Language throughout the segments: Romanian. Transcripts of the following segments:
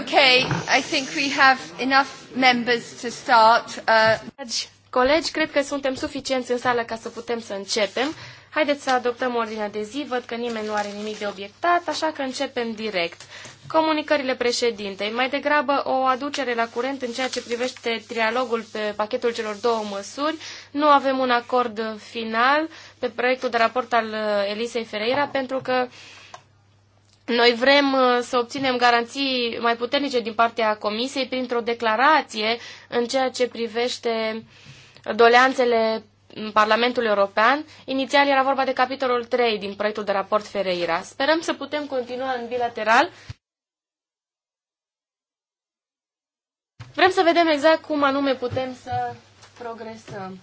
Okay, I think we have enough members to start. Uh... Colegi, cred că suntem suficienți în sală ca să putem să începem. Haideți să adoptăm ordinea de zi, văd că nimeni nu are nimic de obiectat, așa că începem direct. Comunicările președintei, mai degrabă o aducere la curent în ceea ce privește trialogul pe pachetul celor două măsuri. Nu avem un acord final pe proiectul de raport al uh, Elisei Ferreira pentru că uh, noi vrem uh, să obținem garanții mai puternice din partea Comisiei printr-o declarație în ceea ce privește doleanțele Parlamentului European. Inițial era vorba de capitolul 3 din proiectul de raport Ferreira. Sperăm să putem continua în bilateral. Vrem să vedem exact cum anume putem să progresăm.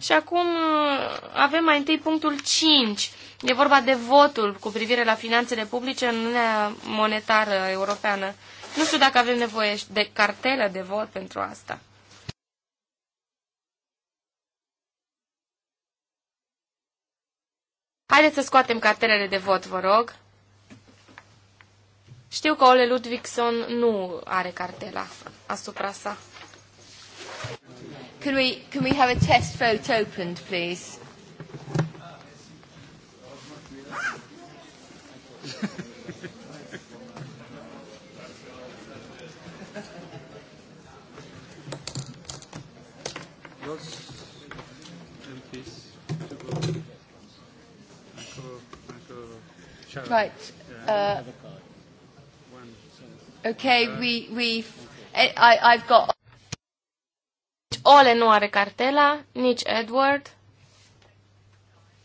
Și acum uh, avem mai întâi punctul 5. E vorba de votul cu privire la finanțele publice în Uniunea Monetară Europeană. Nu știu dacă avem nevoie de cartelă de vot pentru asta. Haideți să scoatem cartelele de vot, vă rog. Știu că Ole Ludvigson nu are cartela asupra sa. Can we, can we have a test vote opened, please? right. Uh, okay, we, we've... I, I've got Ole nu are cartela, nici Edward.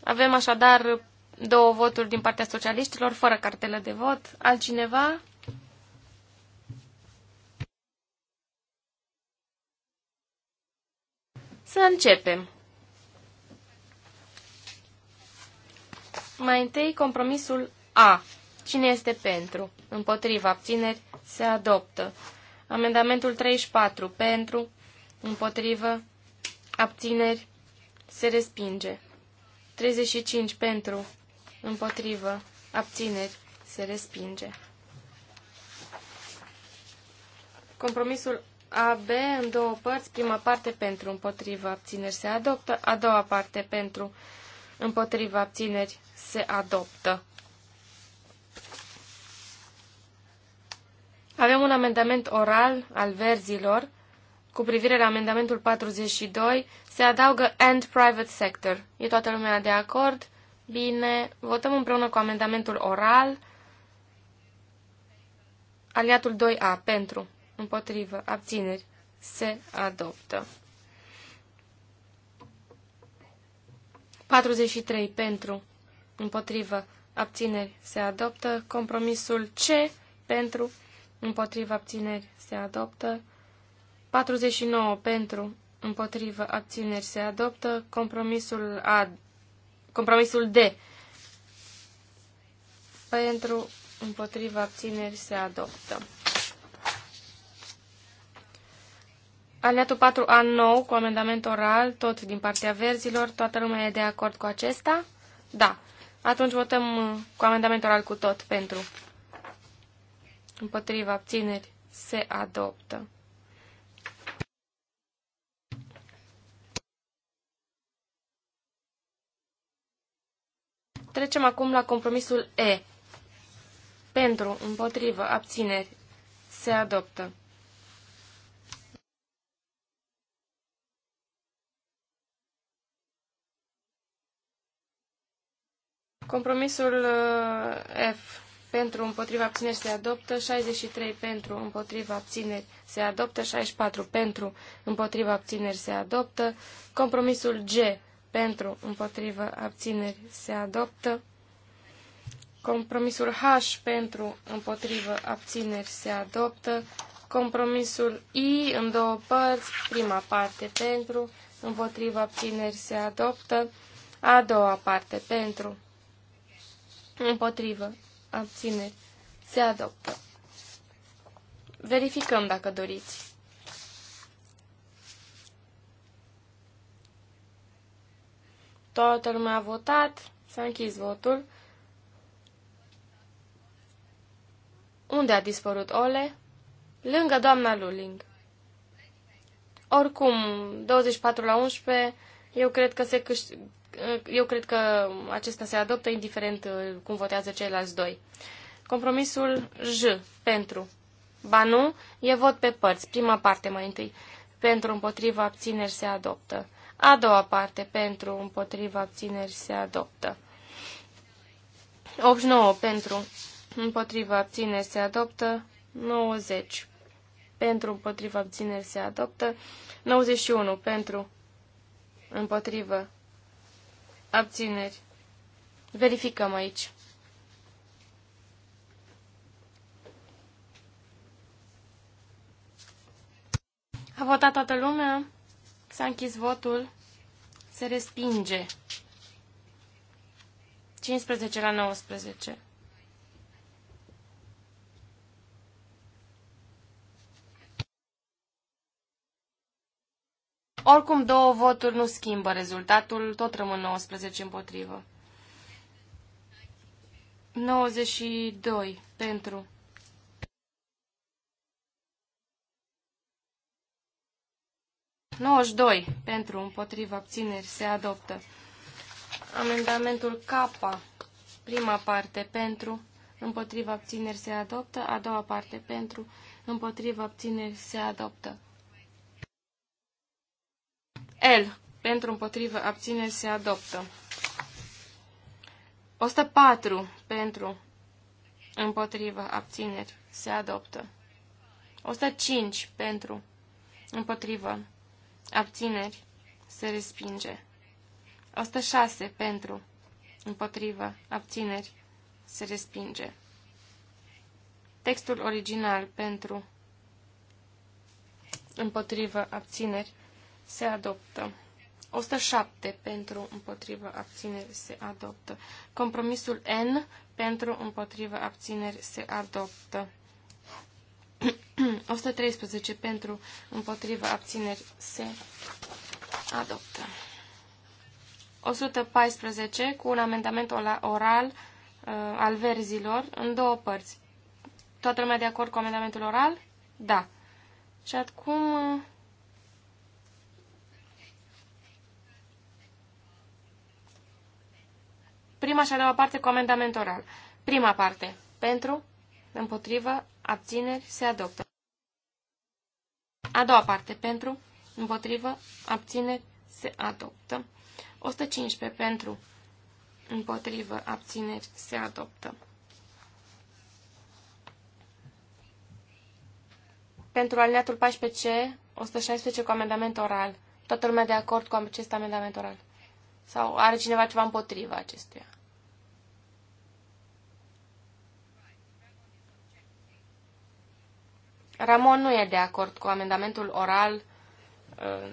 Avem așadar două voturi din partea socialiștilor fără cartelă de vot. Altcineva? Să începem. Mai întâi compromisul A. Cine este pentru? Împotriva abțineri se adoptă. Amendamentul 34 pentru împotrivă, abțineri, se respinge. 35 pentru, împotrivă, abțineri, se respinge. Compromisul AB în două părți, prima parte pentru, împotrivă, abțineri, se adoptă, a doua parte pentru, împotrivă, abțineri, se adoptă. Avem un amendament oral al verzilor cu privire la amendamentul 42, se adaugă and private sector. E toată lumea de acord? Bine, votăm împreună cu amendamentul oral. Aliatul 2A, pentru, împotrivă, abțineri, se adoptă. 43, pentru, împotrivă, abțineri, se adoptă. Compromisul C, pentru, împotrivă, abțineri, se adoptă. 49 pentru, împotrivă, abțineri se adoptă. Compromisul, A, compromisul D pentru, împotrivă, abțineri se adoptă. Aliatul 4A9 cu amendament oral, tot din partea verzilor. Toată lumea e de acord cu acesta? Da. Atunci votăm uh, cu amendament oral cu tot pentru. Împotriva abțineri se adoptă. Trecem acum la compromisul E. Pentru, împotrivă, abțineri, se adoptă. Compromisul uh, F pentru împotriva abțineri se adoptă, 63 pentru împotriva abțineri se adoptă, 64 pentru împotriva abțineri se adoptă, compromisul G pentru, împotrivă, abțineri se adoptă. Compromisul H pentru, împotrivă, abțineri se adoptă. Compromisul I în două părți, prima parte pentru, împotrivă, abțineri se adoptă. A doua parte pentru, împotrivă, abțineri se adoptă. Verificăm dacă doriți. Toată lumea a votat. S-a închis votul. Unde a dispărut Ole? Lângă doamna Luling. Oricum, 24 la 11, eu cred că se câștig... Eu cred că acesta se adoptă indiferent uh, cum votează ceilalți doi. Compromisul J, pentru. Ba nu, e vot pe părți. Prima parte mai întâi. Pentru, împotriva, abțineri se adoptă. A doua parte, pentru, împotriva, abțineri, se adoptă. 89 pentru, împotriva, abțineri, se adoptă. 90 pentru, împotriva, abțineri, se adoptă. 91 pentru, împotriva, abțineri. Verificăm aici. A votat toată lumea? S-a închis votul. Se respinge. 15 la 19. Oricum, două voturi nu schimbă rezultatul, tot rămân 19 împotrivă. 92 pentru 92 pentru împotriva abțineri se adoptă. Amendamentul K, prima parte pentru împotriva abțineri se adoptă, a doua parte pentru împotriva abțineri se adoptă. L pentru împotriva abțineri se adoptă. 104 pentru împotriva abțineri se adoptă. 105 pentru împotriva abțineri, se respinge. 106 pentru, împotrivă, abțineri, se respinge. Textul original pentru, împotrivă, abțineri, se adoptă. 107 pentru împotrivă abțineri se adoptă. Compromisul N pentru împotrivă abțineri se adoptă. 113 pentru, împotriva abțineri, se adoptă. 114 cu un amendament oral uh, al verzilor în două părți. Toată lumea de acord cu amendamentul oral? Da. Și acum... Uh, prima și a doua parte cu amendament oral. Prima parte. Pentru, împotrivă, abțineri, se adoptă. A doua parte, pentru, împotrivă, abțineri, se adoptă. 115 pentru, împotrivă, abțineri, se adoptă. Pentru alineatul 14C, 116 cu amendament oral. Toată lumea de acord cu acest amendament oral? Sau are cineva ceva împotriva acestuia? Ramon nu e de acord cu amendamentul oral uh,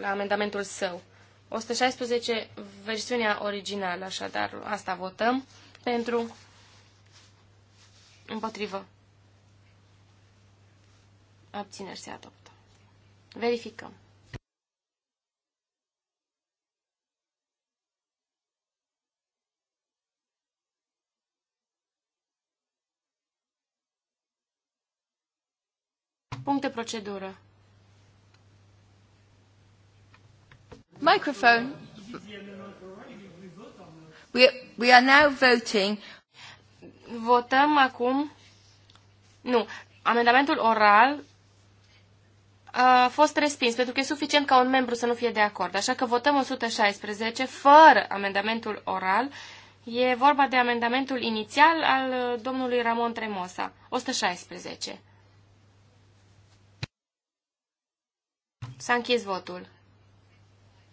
la amendamentul său. 116, versiunea originală, așadar, asta votăm pentru împotrivă. Abțineri se adoptă. Verificăm. Punct de procedură. Microphone. We, we are now voting. Votăm acum. Nu. Amendamentul oral a fost respins, pentru că e suficient ca un membru să nu fie de acord. Așa că votăm 116 fără amendamentul oral. E vorba de amendamentul inițial al domnului Ramon Tremosa. 116. S-a închis votul.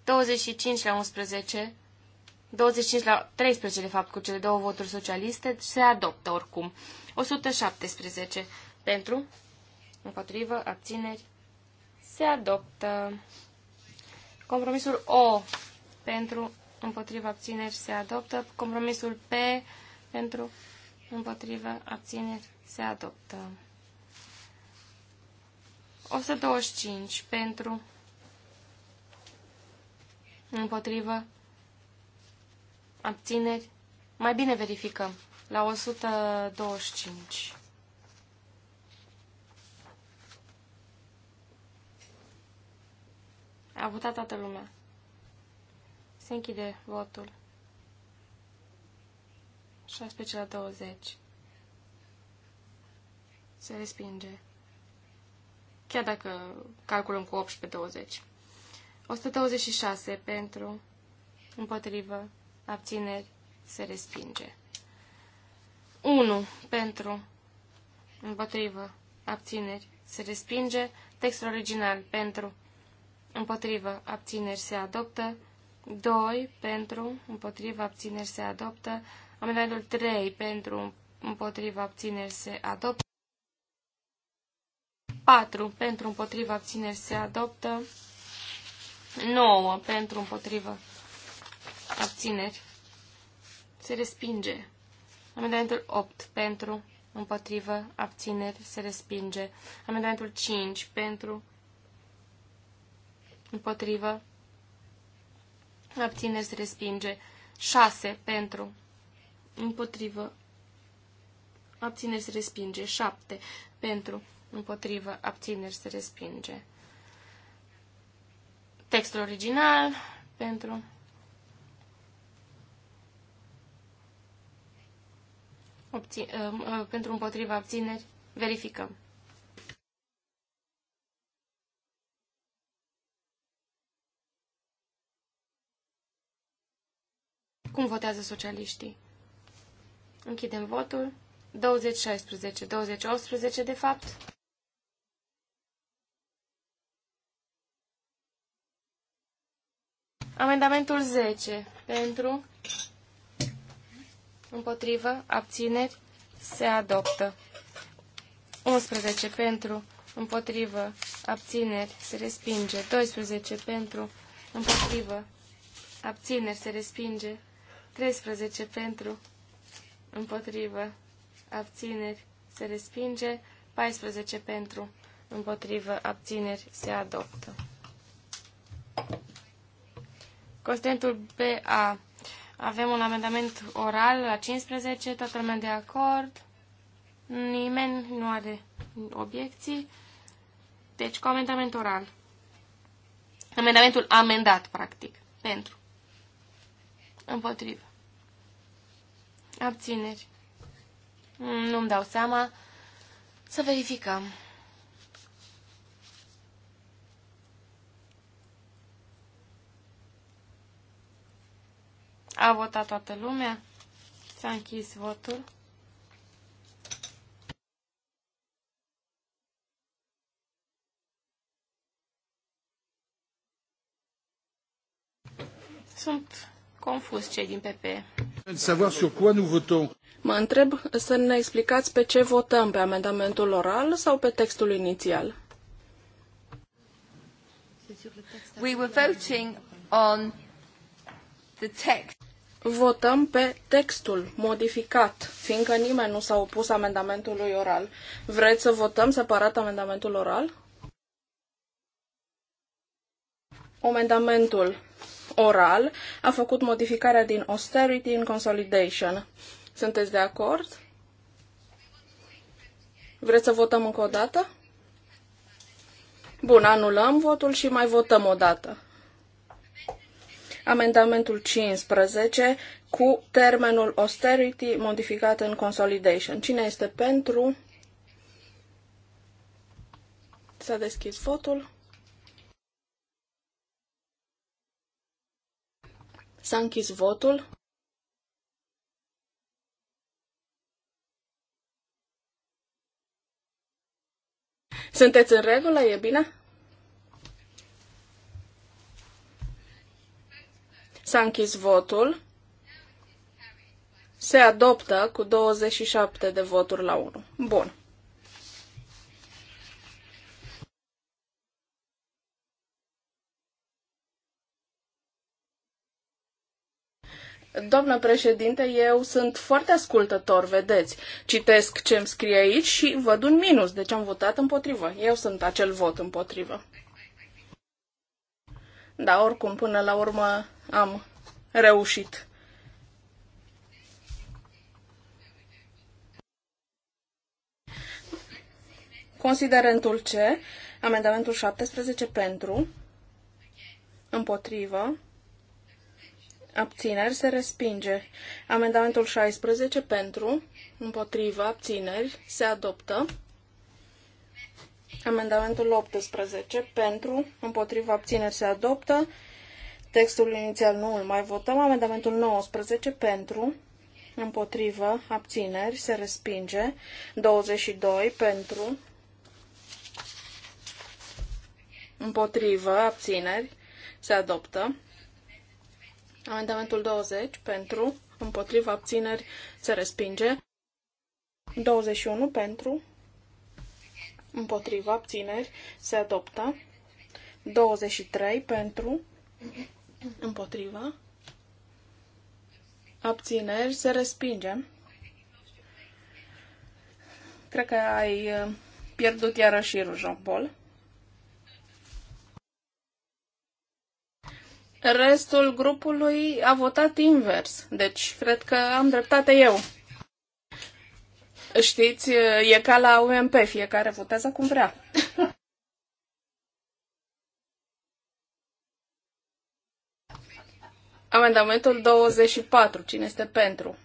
25 la 11, 25 la 13, de fapt, cu cele două voturi socialiste, se adoptă oricum. 117 pentru, împotrivă, abțineri, se adoptă. Compromisul O pentru, împotrivă, abțineri, se adoptă. Compromisul P pentru, împotrivă, abțineri, se adoptă. 125 pentru, împotrivă, abțineri. Mai bine verificăm. La 125. A votat toată lumea. Se închide votul. 16 la 20. Se respinge chiar dacă calculăm cu 18-20. 126 pentru, împotrivă, abțineri, se respinge. 1 pentru, împotrivă, abțineri, se respinge. Textul original pentru, împotrivă, abțineri, se adoptă. 2 pentru, împotrivă, abțineri, se adoptă. Amendamentul 3 pentru, împotrivă, abțineri, se adoptă. 4 pentru împotriva abțineri se adoptă. 9 pentru împotriva abțineri se respinge. Amendamentul 8 pentru împotriva abțineri se respinge. Amendamentul 5 pentru împotriva abțineri se respinge. 6 pentru împotriva abțineri se respinge. 7 pentru împotrivă, abțineri, se respinge. Textul original pentru Obțin, uh, uh, pentru împotriva abțineri, verificăm. Cum votează socialiștii? Închidem votul. 20-16, 20-18 de fapt. Amendamentul 10. Pentru, împotrivă, abțineri, se adoptă. 11. Pentru, împotrivă, abțineri, se respinge. 12. Pentru, împotrivă, abțineri, se respinge. 13. Pentru, împotrivă, abțineri, se respinge. 14. Pentru, împotrivă, abțineri, se adoptă. Considentul BA. Avem un amendament oral la 15, toată lumea de acord. Nimeni nu are obiecții. Deci, cu amendament oral. Amendamentul amendat, practic. Pentru. Împotrivă. Abțineri. Nu-mi dau seama. Să verificăm. A votat toată lumea. S-a închis votul. Sunt confuz cei din PP. Mă întreb să ne explicați pe ce votăm, pe amendamentul oral sau pe textul inițial? We were voting on the text. Votăm pe textul modificat, fiindcă nimeni nu s-a opus amendamentului oral. Vreți să votăm separat amendamentul oral? Amendamentul oral a făcut modificarea din austerity în consolidation. Sunteți de acord? Vreți să votăm încă o dată? Bun, anulăm votul și mai votăm o dată amendamentul 15 cu termenul austerity modificat în consolidation. Cine este pentru? S-a deschis votul. S-a închis votul. Sunteți în regulă? E bine? S-a închis votul. Se adoptă cu 27 de voturi la 1. Bun. Doamnă președinte, eu sunt foarte ascultător, vedeți. Citesc ce îmi scrie aici și văd un minus, deci am votat împotrivă. Eu sunt acel vot împotrivă. Da, oricum, până la urmă am reușit. Considerentul C, amendamentul 17 pentru, împotrivă, abțineri se respinge. Amendamentul 16 pentru, împotrivă, abțineri se adoptă. Amendamentul 18 pentru, împotrivă, abțineri se adoptă textul inițial nu îl mai votăm. Amendamentul 19 pentru, împotrivă, abțineri, se respinge. 22 pentru, împotrivă, abțineri, se adoptă. Amendamentul 20 pentru, împotrivă, abțineri, se respinge. 21 pentru, împotrivă, abțineri, se adoptă. 23 pentru, împotriva, abțineri, se respinge. Cred că ai uh, pierdut iarăși șirul, Jean-Paul. Restul grupului a votat invers, deci cred că am dreptate eu. Știți, e ca la UMP, fiecare votează cum vrea. Amendamentul 24. Cine este pentru?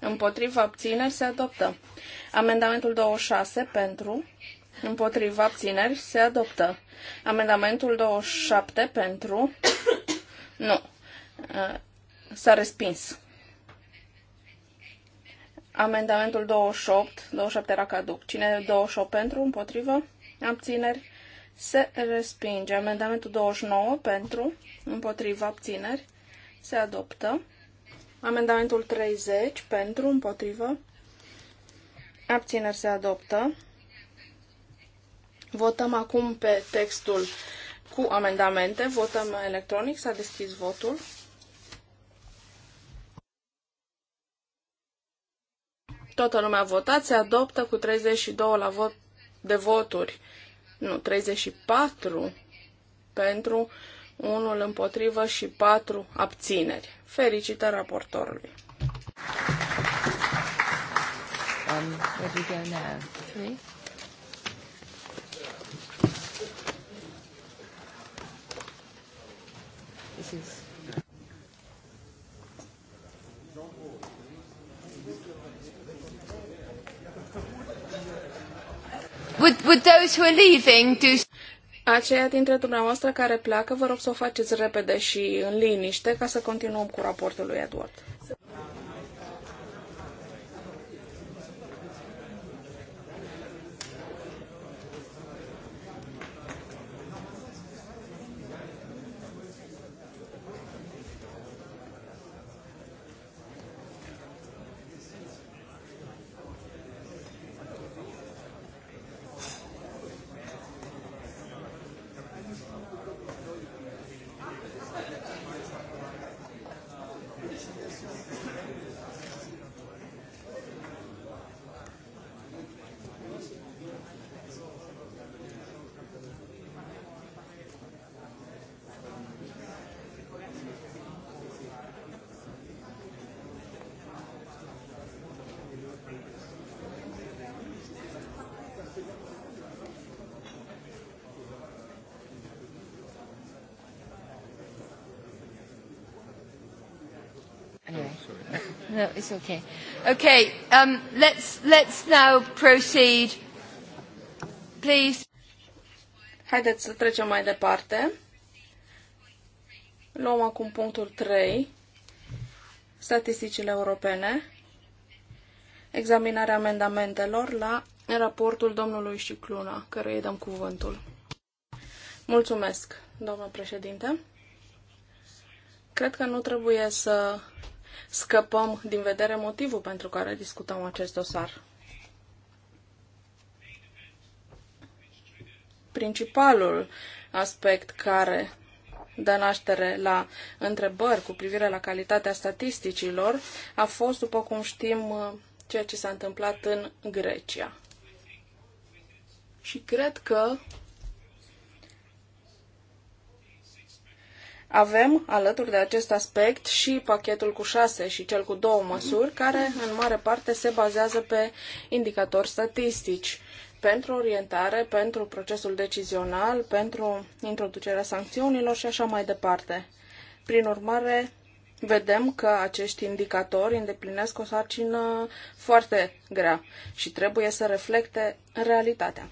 Împotriva abțineri se adoptă. Amendamentul 26 pentru. Împotriva abțineri se adoptă. Amendamentul 27 pentru. nu. S-a respins. Amendamentul 28. 27 era caduc. Cine 28 pentru? Împotrivă? Abțineri? se respinge. Amendamentul 29 pentru, împotriva abțineri, se adoptă. Amendamentul 30 pentru, împotriva, abțineri se adoptă. Votăm acum pe textul cu amendamente. Votăm electronic. S-a deschis votul. Toată lumea a votat. Se adoptă cu 32 la vot de voturi nu, 34 pentru, unul împotrivă și patru abțineri. Fericită raportorului! Um, where do we go now? Three? would, would those who are leaving do... Aceia dintre dumneavoastră care pleacă, vă rog să o faceți repede și în liniște ca să continuăm cu raportul lui Edward. No, it's okay. Okay, um, let's, let's now proceed. Please. Haideți să trecem mai departe. Luăm acum punctul 3. Statisticile europene. Examinarea amendamentelor la raportul domnului Șicluna, căruia îi dăm cuvântul. Mulțumesc, doamnă președinte. Cred că nu trebuie să scăpăm din vedere motivul pentru care discutăm acest dosar. Principalul aspect care dă naștere la întrebări cu privire la calitatea statisticilor a fost, după cum știm, ceea ce s-a întâmplat în Grecia. Și cred că Avem, alături de acest aspect, și pachetul cu șase și cel cu două măsuri, care în mare parte se bazează pe indicatori statistici pentru orientare, pentru procesul decizional, pentru introducerea sancțiunilor și așa mai departe. Prin urmare, vedem că acești indicatori îndeplinesc o sarcină foarte grea și trebuie să reflecte realitatea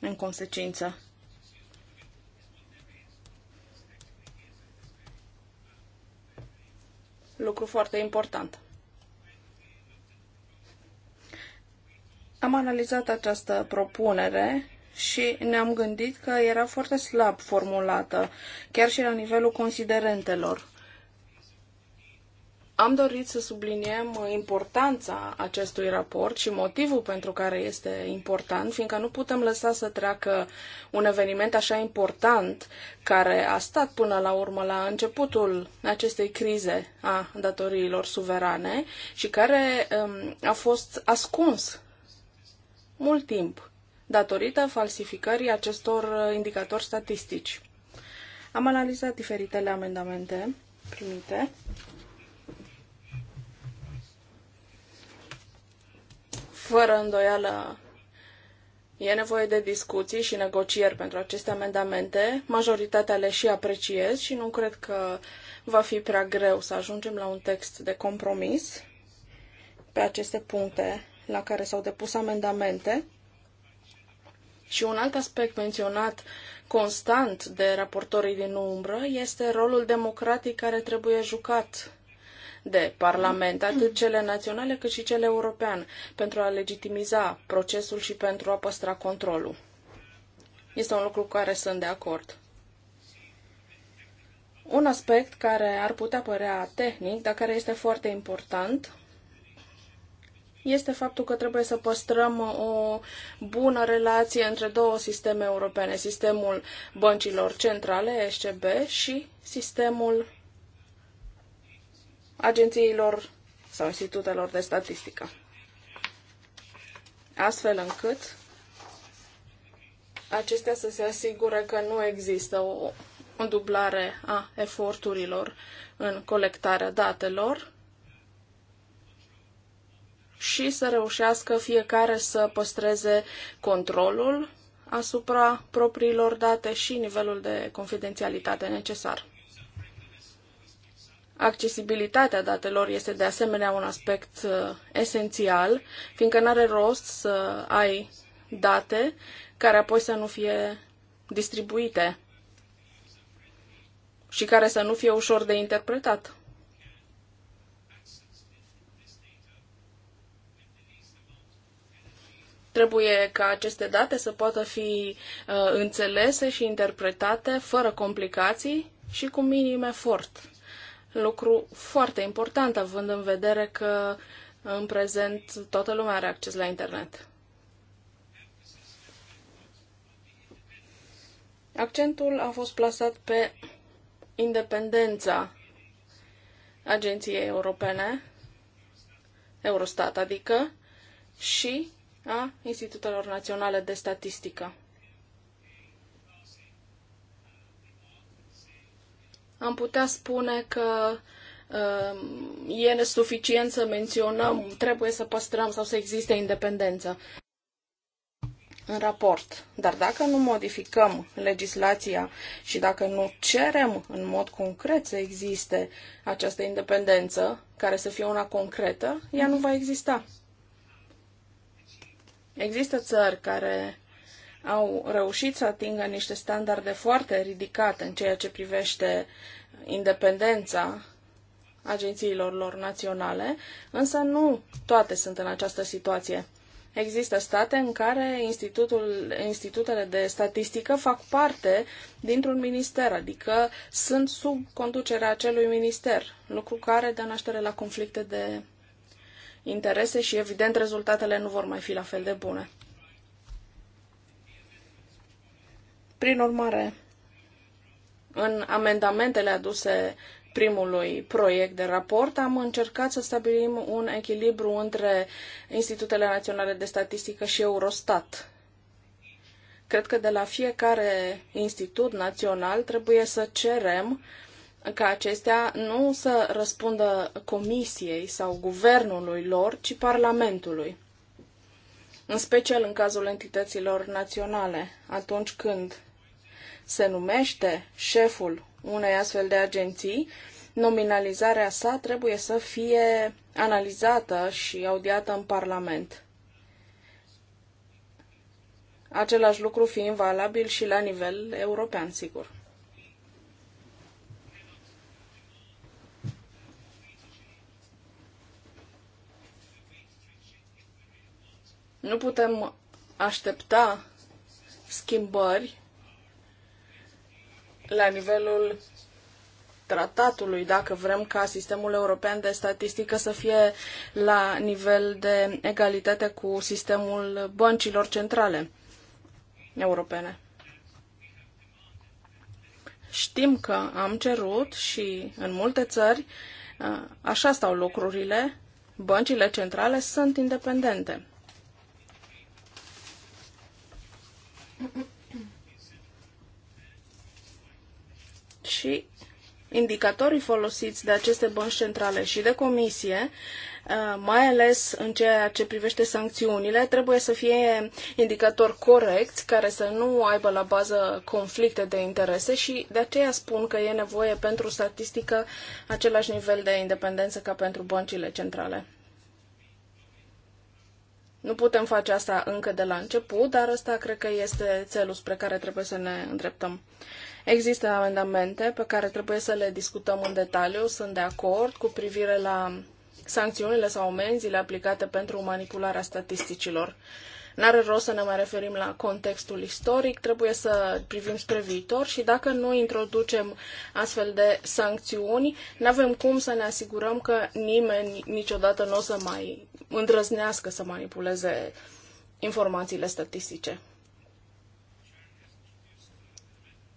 în consecință. Lucru foarte important. Am analizat această propunere și ne-am gândit că era foarte slab formulată, chiar și la nivelul considerentelor. Am dorit să subliniem importanța acestui raport și motivul pentru care este important, fiindcă nu putem lăsa să treacă un eveniment așa important care a stat până la urmă la începutul acestei crize a datoriilor suverane și care um, a fost ascuns mult timp datorită falsificării acestor indicatori statistici. Am analizat diferitele amendamente primite Fără îndoială, e nevoie de discuții și negocieri pentru aceste amendamente. Majoritatea le și apreciez și nu cred că va fi prea greu să ajungem la un text de compromis pe aceste puncte la care s-au depus amendamente. Și un alt aspect menționat constant de raportorii din umbră este rolul democratic care trebuie jucat de Parlament, atât cele naționale cât și cele europeane, pentru a legitimiza procesul și pentru a păstra controlul. Este un lucru cu care sunt de acord. Un aspect care ar putea părea tehnic, dar care este foarte important, este faptul că trebuie să păstrăm o bună relație între două sisteme europene, sistemul băncilor centrale, SCB, și sistemul agențiilor sau institutelor de statistică. Astfel încât acestea să se asigure că nu există o, o dublare a eforturilor în colectarea datelor și să reușească fiecare să păstreze controlul asupra propriilor date și nivelul de confidențialitate necesar. Accesibilitatea datelor este de asemenea un aspect uh, esențial, fiindcă nu are rost să ai date care apoi să nu fie distribuite și care să nu fie ușor de interpretat. Trebuie ca aceste date să poată fi uh, înțelese și interpretate fără complicații și cu minim efort lucru foarte important, având în vedere că în prezent toată lumea are acces la internet. Accentul a fost plasat pe independența Agenției Europene, Eurostat adică, și a Institutelor Naționale de Statistică. am putea spune că um, e nesuficient să menționăm, trebuie să păstrăm sau să existe independență în raport. Dar dacă nu modificăm legislația și dacă nu cerem în mod concret să existe această independență, care să fie una concretă, ea nu va exista. Există țări care au reușit să atingă niște standarde foarte ridicate în ceea ce privește independența agențiilor lor naționale, însă nu toate sunt în această situație. Există state în care institutul, institutele de statistică fac parte dintr-un minister, adică sunt sub conducerea acelui minister, lucru care dă naștere la conflicte de interese și, evident, rezultatele nu vor mai fi la fel de bune. Prin urmare, în amendamentele aduse primului proiect de raport, am încercat să stabilim un echilibru între Institutele Naționale de Statistică și Eurostat. Cred că de la fiecare institut național trebuie să cerem ca acestea nu să răspundă comisiei sau guvernului lor, ci parlamentului în special în cazul entităților naționale, atunci când se numește șeful unei astfel de agenții, nominalizarea sa trebuie să fie analizată și audiată în Parlament. Același lucru fiind valabil și la nivel european, sigur. Nu putem aștepta schimbări la nivelul tratatului, dacă vrem ca sistemul european de statistică să fie la nivel de egalitate cu sistemul băncilor centrale europene. Știm că am cerut și în multe țări, așa stau lucrurile, băncile centrale sunt independente. și indicatorii folosiți de aceste bănci centrale și de comisie, uh, mai ales în ceea ce privește sancțiunile, trebuie să fie indicatori corecți care să nu aibă la bază conflicte de interese și de aceea spun că e nevoie pentru statistică același nivel de independență ca pentru băncile centrale. Nu putem face asta încă de la început, dar asta cred că este țelul spre care trebuie să ne îndreptăm. Există amendamente pe care trebuie să le discutăm în detaliu. Sunt de acord cu privire la sancțiunile sau amenziile aplicate pentru manipularea statisticilor. N-are rost să ne mai referim la contextul istoric, trebuie să privim spre viitor și dacă nu introducem astfel de sancțiuni, nu avem cum să ne asigurăm că nimeni niciodată nu o să mai îndrăznească să manipuleze informațiile statistice.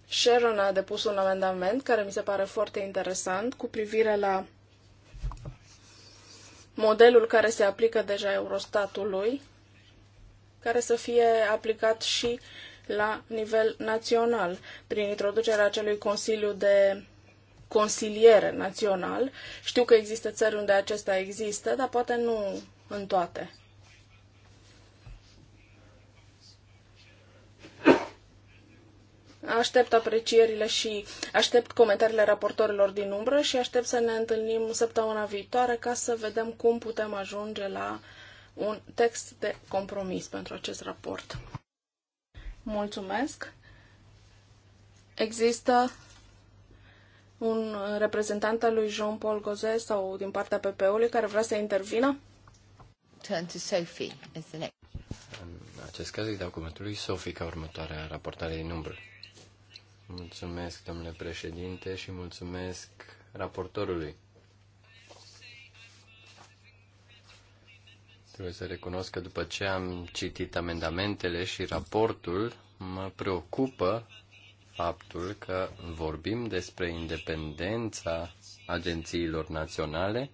Sharon a depus un amendament care mi se pare foarte interesant cu privire la modelul care se aplică deja Eurostatului, care să fie aplicat și la nivel național, prin introducerea acelui Consiliu de Consiliere Național. Știu că există țări unde acesta există, dar poate nu în toate. Aștept aprecierile și aștept comentariile raportorilor din umbră și aștept să ne întâlnim săptămâna viitoare ca să vedem cum putem ajunge la un text de compromis pentru acest raport. Mulțumesc. Există un reprezentant al lui Jean-Paul Gozet sau din partea PP-ului care vrea să intervină? turn to Sophie as the next. În acest caz îi dau cuvântul lui Sophie ca următoarea raportare din umbră. Mulțumesc, domnule președinte, și mulțumesc raportorului. Trebuie să recunosc că după ce am citit amendamentele și raportul, mă preocupă faptul că vorbim despre independența agențiilor naționale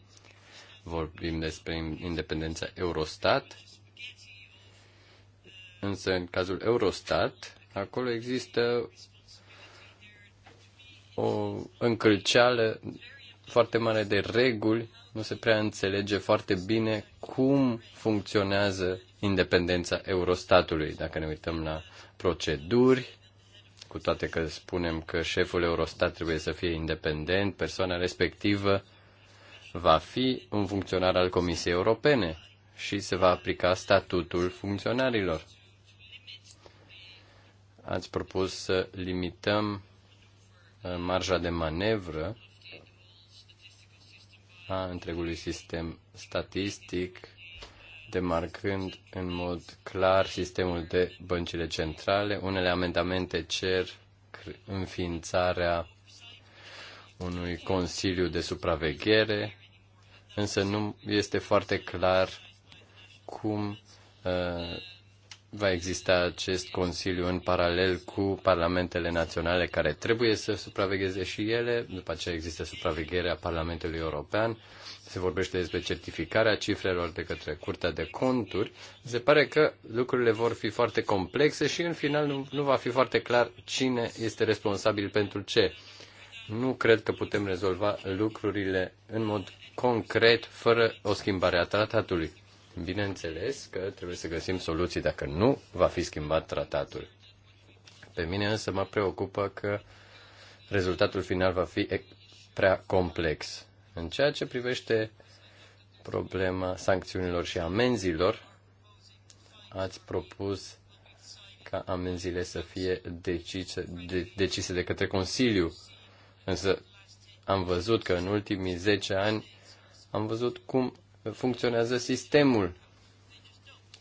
vorbim despre independența Eurostat, însă în cazul Eurostat, acolo există o încălceală foarte mare de reguli, nu se prea înțelege foarte bine cum funcționează independența Eurostatului. Dacă ne uităm la proceduri, cu toate că spunem că șeful Eurostat trebuie să fie independent, persoana respectivă va fi un funcționar al Comisiei Europene și se va aplica statutul funcționarilor. Ați propus să limităm uh, marja de manevră a întregului sistem statistic, demarcând în mod clar sistemul de băncile centrale. Unele amendamente cer înființarea unui consiliu de supraveghere însă nu este foarte clar cum uh, va exista acest Consiliu în paralel cu parlamentele naționale care trebuie să supravegheze și ele. După aceea există supravegherea Parlamentului European. Se vorbește despre certificarea cifrelor de către Curtea de Conturi. Se pare că lucrurile vor fi foarte complexe și în final nu, nu va fi foarte clar cine este responsabil pentru ce. Nu cred că putem rezolva lucrurile în mod concret, fără o schimbare a tratatului. Bineînțeles că trebuie să găsim soluții dacă nu va fi schimbat tratatul. Pe mine însă mă preocupă că rezultatul final va fi prea complex. În ceea ce privește problema sancțiunilor și amenzilor, ați propus ca amenziile să fie decise de, decise de către Consiliu. Însă am văzut că în ultimii 10 ani am văzut cum funcționează sistemul.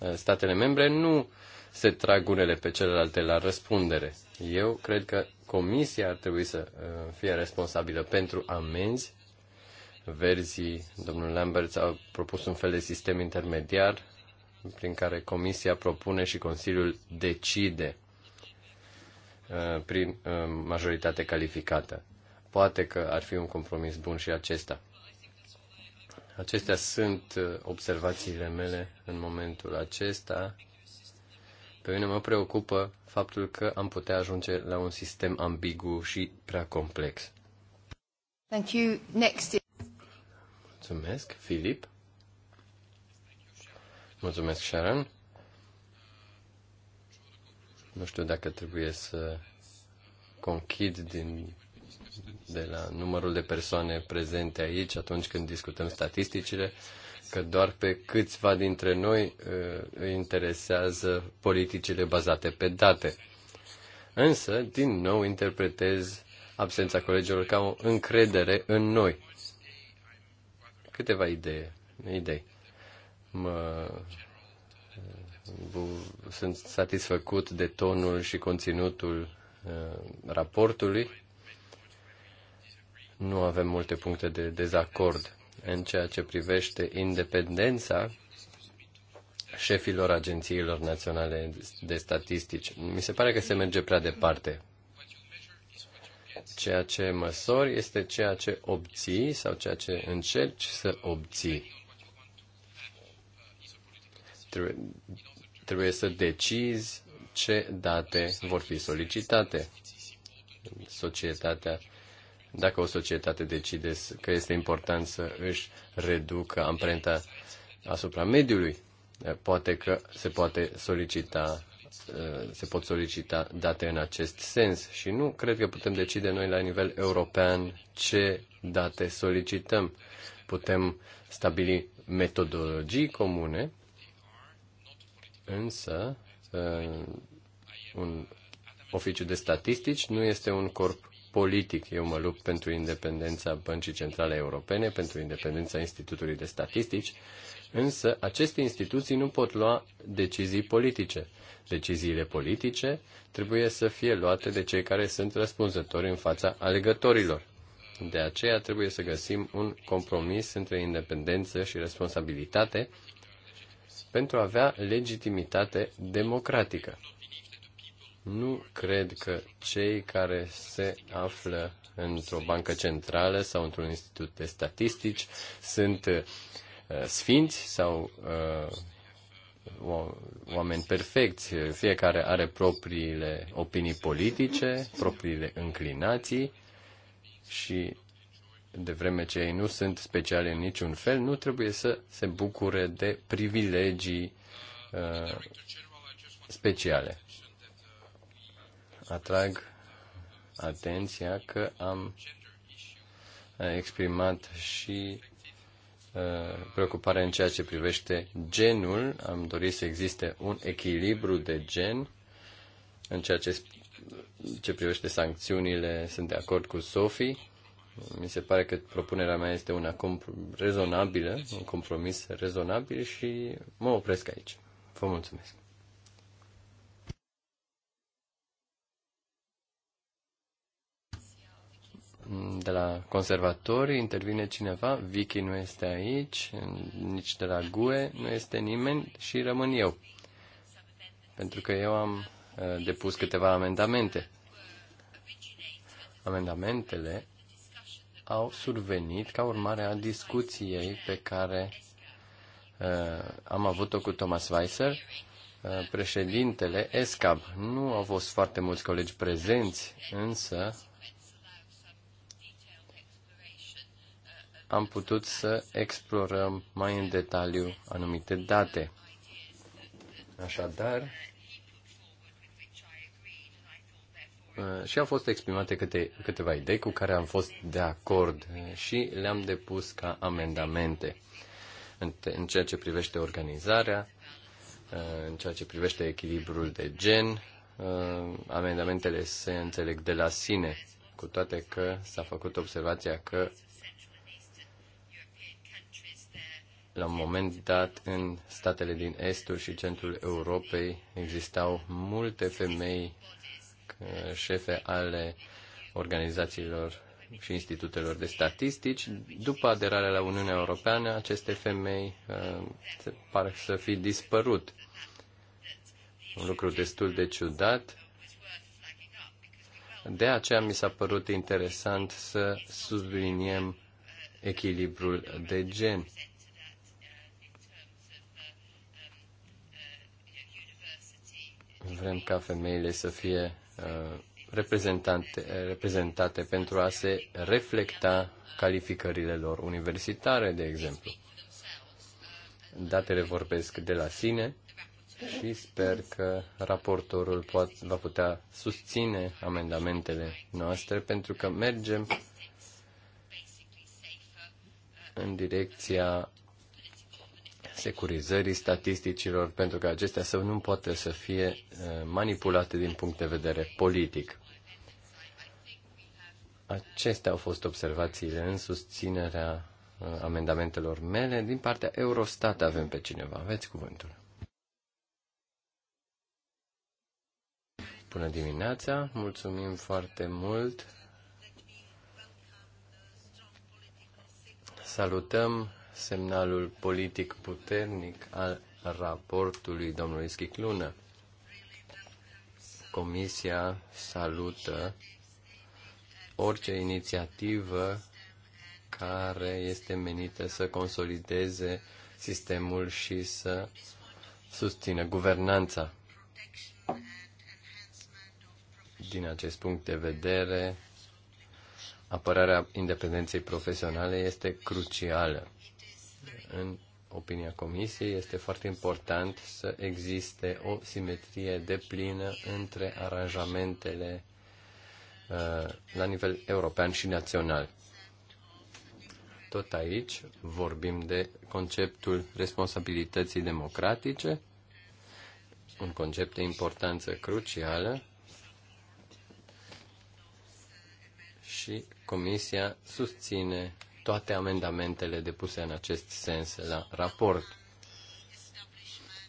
Eh, statele membre nu se trag unele pe celelalte la răspundere. Eu cred că comisia ar trebui să eh, fie responsabilă pentru amenzi. Verzii, domnul Lambert, a propus un fel de sistem intermediar prin care comisia propune și Consiliul decide eh, prin majoritate calificată. Poate că ar fi un compromis bun și acesta. Acestea sunt uh, observațiile mele în momentul acesta. Pe mine mă preocupă faptul că am putea ajunge la un sistem ambigu și prea complex. Thank you. Next. Mulțumesc, Filip. Mulțumesc, Sharon. Nu știu dacă trebuie să conchid din de la numărul de persoane prezente aici atunci când discutăm statisticile, că doar pe câțiva dintre noi uh, îi interesează politicile bazate pe date. Însă, din nou, interpretez absența colegilor ca o încredere în noi. Câteva idei. idei. Mă, sunt satisfăcut de tonul și conținutul uh, raportului nu avem multe puncte de dezacord în ceea ce privește independența șefilor agențiilor naționale de statistici. Mi se pare că se merge prea departe. Ceea ce măsori este ceea ce obții sau ceea ce încerci să obții. Trebuie, să decizi ce date vor fi solicitate. Societatea dacă o societate decide că este important să își reducă amprenta asupra mediului, eh, poate că se poate solicita eh, se pot solicita date în acest sens și nu cred că putem decide noi la nivel european ce date solicităm. Putem stabili metodologii comune, însă eh, un oficiu de statistici nu este un corp politic. Eu mă lupt pentru independența Băncii Centrale Europene, pentru independența Institutului de Statistici, însă aceste instituții nu pot lua decizii politice. Deciziile politice trebuie să fie luate de cei care sunt răspunzători în fața alegătorilor. De aceea trebuie să găsim un compromis între independență și responsabilitate pentru a avea legitimitate democratică. Nu cred că cei care se află într-o bancă centrală sau într-un institut de statistici sunt uh, sfinți sau uh, oameni perfecți. Fiecare are propriile opinii politice, propriile înclinații și de vreme ce ei nu sunt speciale în niciun fel, nu trebuie să se bucure de privilegii uh, speciale atrag atenția că am exprimat și preocuparea în ceea ce privește genul. Am dorit să existe un echilibru de gen în ceea ce, ce privește sancțiunile. Sunt de acord cu Sophie. Mi se pare că propunerea mea este una rezonabilă, un compromis rezonabil și mă opresc aici. Vă mulțumesc. de la conservatori intervine cineva, Vicky nu este aici, nici de la GUE nu este nimeni și rămân eu. Pentru că eu am uh, depus câteva amendamente. Amendamentele au survenit ca urmare a discuției pe care uh, am avut-o cu Thomas Weiser, uh, președintele ESCAB. Nu au fost foarte mulți colegi prezenți, însă am putut să explorăm mai în detaliu anumite date. Așadar, uh, și au fost exprimate câte, câteva idei cu care am fost de acord uh, și le-am depus ca amendamente în, în ceea ce privește organizarea, uh, în ceea ce privește echilibrul de gen, amendamentele se înțeleg de la sine, cu toate că s-a făcut observația că la un moment dat, în statele din estul și centrul Europei, existau multe femei uh, șefe ale organizațiilor și institutelor de statistici. După aderarea la Uniunea Europeană, aceste femei uh, par să fi dispărut. Un lucru destul de ciudat. De aceea mi s-a părut interesant să subliniem echilibrul de gen Vrem ca femeile să fie uh, reprezentante, reprezentate pentru a se reflecta calificările lor universitare, de exemplu. Datele vorbesc de la sine și sper că raportorul poate, va putea susține amendamentele noastre pentru că mergem în direcția securizării statisticilor, pentru că acestea să nu poate să fie uh, manipulate din punct de vedere politic. Acestea au fost observațiile în susținerea uh, amendamentelor mele. Din partea Eurostat avem pe cineva. Aveți cuvântul. Bună dimineața, mulțumim foarte mult. Salutăm semnalul politic puternic al raportului domnului Schiclună. Comisia salută orice inițiativă care este menită să consolideze sistemul și să susțină guvernanța. Din acest punct de vedere, apărarea independenței profesionale este crucială în opinia Comisiei, este foarte important să existe o simetrie deplină între aranjamentele uh, la nivel european și național. Tot aici vorbim de conceptul responsabilității democratice, un concept de importanță crucială și Comisia susține toate amendamentele depuse în acest sens la raport.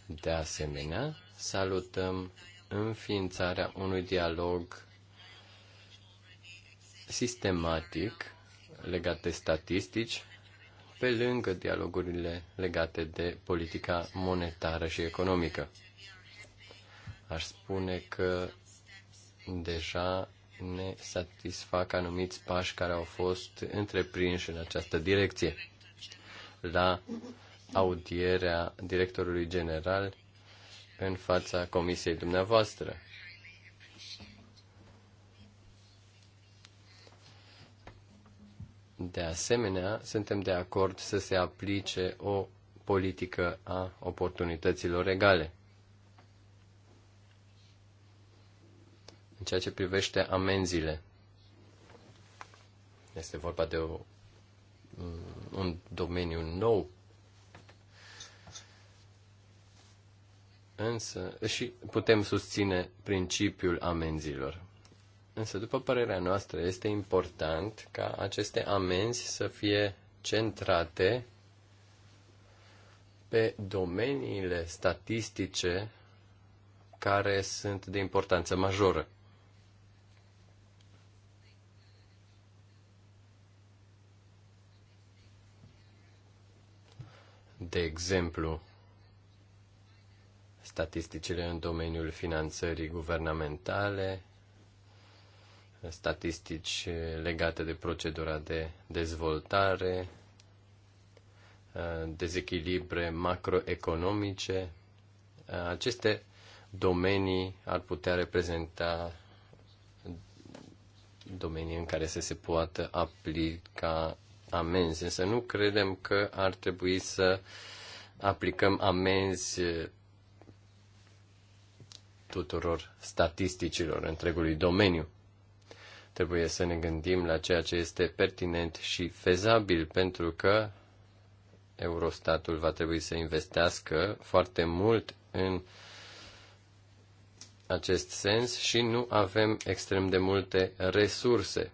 De asemenea, salutăm înființarea unui dialog sistematic legat de statistici, pe lângă dialogurile legate de politica monetară și economică. Aș spune că deja ne satisfac anumiți pași care au fost întreprinși în această direcție. La audierea directorului general în fața comisiei dumneavoastră. De asemenea, suntem de acord să se aplice o politică a oportunităților egale. ceea ce privește amenziile. Este vorba de o, mm, un domeniu nou. Însă, și putem susține principiul amenzilor. Însă, după părerea noastră, este important ca aceste amenzi să fie centrate pe domeniile statistice care sunt de importanță majoră. De exemplu, statisticile în domeniul finanțării guvernamentale, statistici legate de procedura de dezvoltare, dezechilibre macroeconomice. Aceste domenii ar putea reprezenta domenii în care să se poată aplica amenzi, însă nu credem că ar trebui să aplicăm amenzi eh, tuturor statisticilor întregului domeniu. Trebuie să ne gândim la ceea ce este pertinent și fezabil, pentru că Eurostatul va trebui să investească foarte mult în acest sens și nu avem extrem de multe resurse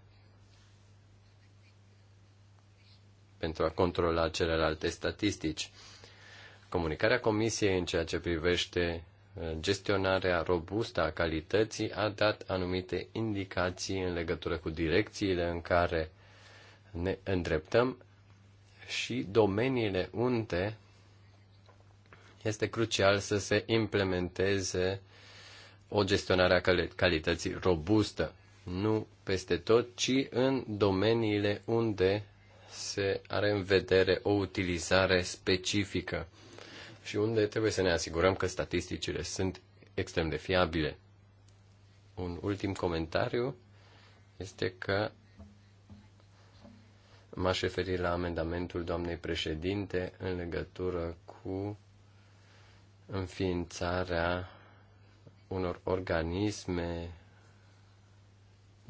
pentru a controla celelalte statistici. Comunicarea Comisiei în ceea ce privește uh, gestionarea robustă a calității a dat anumite indicații în legătură cu direcțiile în care ne îndreptăm și domeniile unde este crucial să se implementeze o gestionare a calității robustă, nu peste tot, ci în domeniile unde se are în vedere o utilizare specifică și unde trebuie să ne asigurăm că statisticile sunt extrem de fiabile. Un ultim comentariu este că m-aș referi la amendamentul doamnei președinte în legătură cu înființarea unor organisme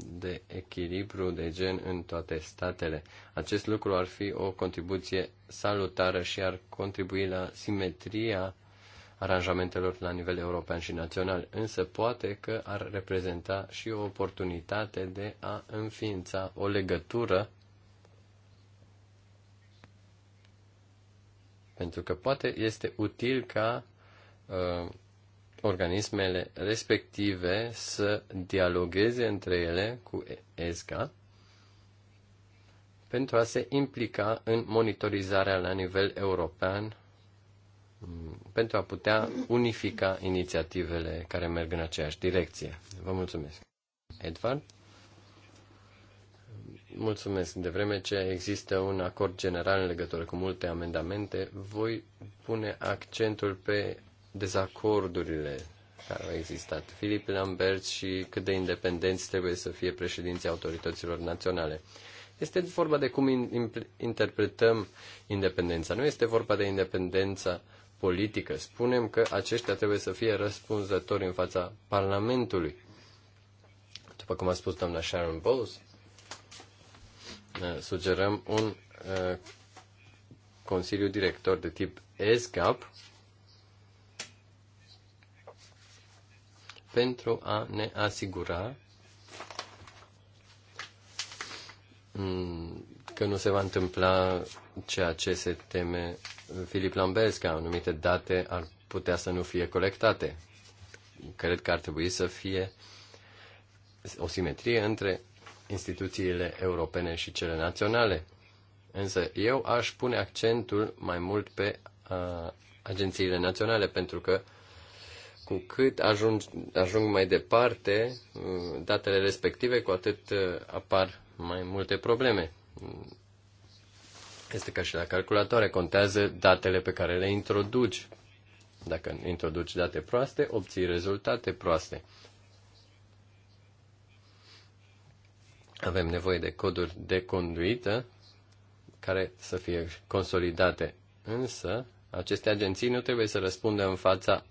de echilibru de gen în toate statele. Acest lucru ar fi o contribuție salutară și ar contribui la simetria aranjamentelor la nivel european și național, însă poate că ar reprezenta și o oportunitate de a înființa o legătură pentru că poate este util ca uh, organismele respective să dialogueze între ele cu ESGA pentru a se implica în monitorizarea la nivel european mm, pentru a putea unifica inițiativele care merg în aceeași direcție. Vă mulțumesc. Edvard? Mulțumesc. De vreme ce există un acord general în legătură cu multe amendamente, voi pune accentul pe dezacordurile care au existat. Filip Lambert și cât de independenți trebuie să fie președinții autorităților naționale. Este vorba de cum interpretăm independența. Nu este vorba de independența politică. Spunem că aceștia trebuie să fie răspunzători în fața Parlamentului. După cum a spus doamna Sharon Bowles, uh, sugerăm un uh, Consiliu Director de tip ESCAP, pentru a ne asigura mm, că nu se va întâmpla ceea ce se teme Filip Lambert, că anumite date ar putea să nu fie colectate. Cred că ar trebui să fie o simetrie între instituțiile europene și cele naționale. Însă eu aș pune accentul mai mult pe a, agențiile naționale, pentru că uh, cu cât ajung, ajung mai departe uh, datele respective, cu atât uh, apar mai multe probleme. Este ca și la calculatoare, contează datele pe care le introduci. Dacă introduci date proaste, obții rezultate proaste. Avem nevoie de coduri de conduită care să fie consolidate. Însă, aceste agenții nu trebuie să răspundă în fața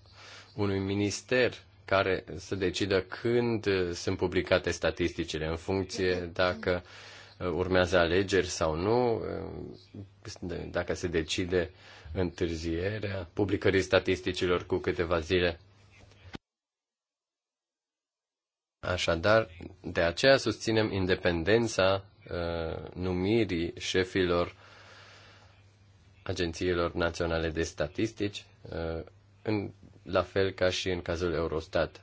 unui minister care să decidă când uh, sunt publicate statisticile, în funcție dacă uh, urmează alegeri sau nu, uh, dacă se decide întârzierea publicării statisticilor cu câteva zile. Așadar, de aceea susținem independența uh, numirii șefilor agențiilor naționale de statistici uh, în la fel ca și în cazul Eurostat.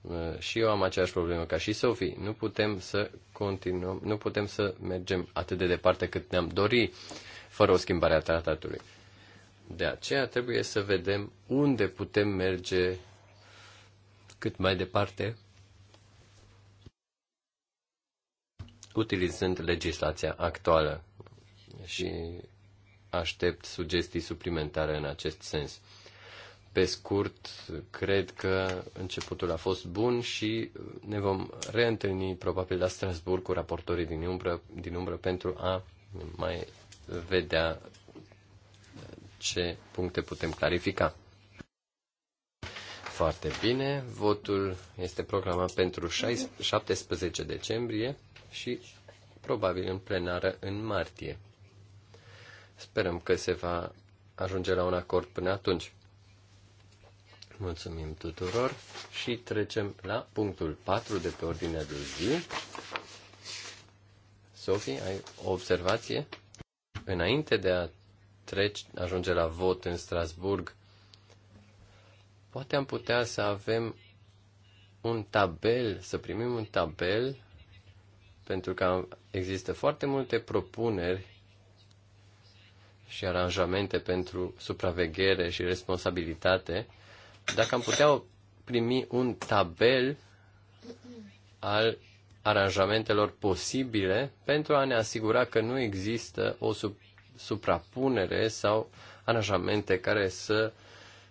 Uh, și eu am aceeași problemă ca și Sofie. Nu putem să continuăm, nu putem să mergem atât de departe cât ne-am dori fără o schimbare a tratatului. De aceea trebuie să vedem unde putem merge cât mai departe utilizând legislația actuală și aștept sugestii suplimentare în acest sens. Pe scurt, cred că începutul a fost bun și ne vom reîntâlni probabil la Strasburg cu raportorii din umbră, din umbră pentru a mai vedea ce puncte putem clarifica. Foarte bine, votul este programat pentru 17 decembrie și probabil în plenară în martie. Sperăm că se va ajunge la un acord până atunci. Mulțumim tuturor și trecem la punctul 4 de pe ordinea de zi. Sofie, ai o observație? Înainte de a treci, ajunge la vot în Strasburg, poate am putea să avem un tabel, să primim un tabel, pentru că există foarte multe propuneri și aranjamente pentru supraveghere și responsabilitate dacă am putea primi un tabel al aranjamentelor posibile pentru a ne asigura că nu există o sub, suprapunere sau aranjamente care să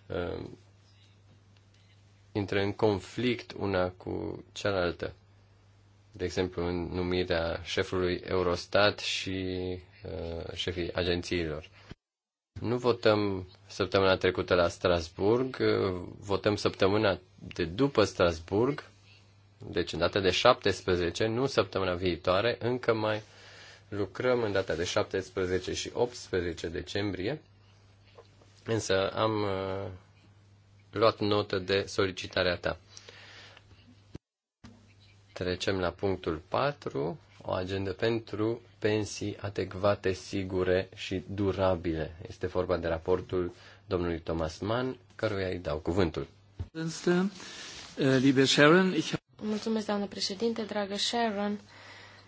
uh, intre în conflict una cu cealaltă. De exemplu, în numirea șefului Eurostat și uh, șefii agențiilor. Nu votăm săptămâna trecută la Strasburg, votăm săptămâna de după Strasburg, deci în data de 17, nu săptămâna viitoare, încă mai lucrăm în data de 17 și 18 decembrie, însă am uh, luat notă de solicitarea ta. Trecem la punctul 4, o agendă pentru pensii adecvate, sigure și durabile. Este vorba de raportul domnului Thomas Mann, căruia îi dau cuvântul. Mulțumesc, doamnă președinte, dragă Sharon.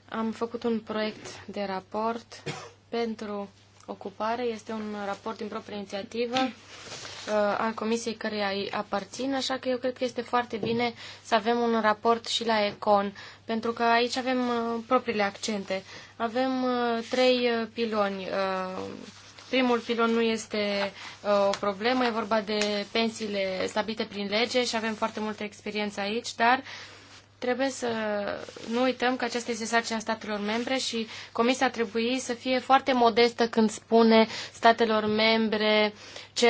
Am făcut un proiect de raport pentru ocupare. Este un raport din proprie inițiativă uh, al comisiei care îi aparțin, așa că eu cred că este foarte bine să avem un raport și la Econ, pentru că aici avem uh, propriile accente. Avem uh, trei uh, piloni. Uh, primul pilon nu este o problemă, e vorba de pensiile stabilite prin lege și avem foarte multă experiență aici, dar trebuie să nu uităm că aceasta este sarcina statelor membre și Comisia ar trebui să fie foarte modestă când spune statelor membre ce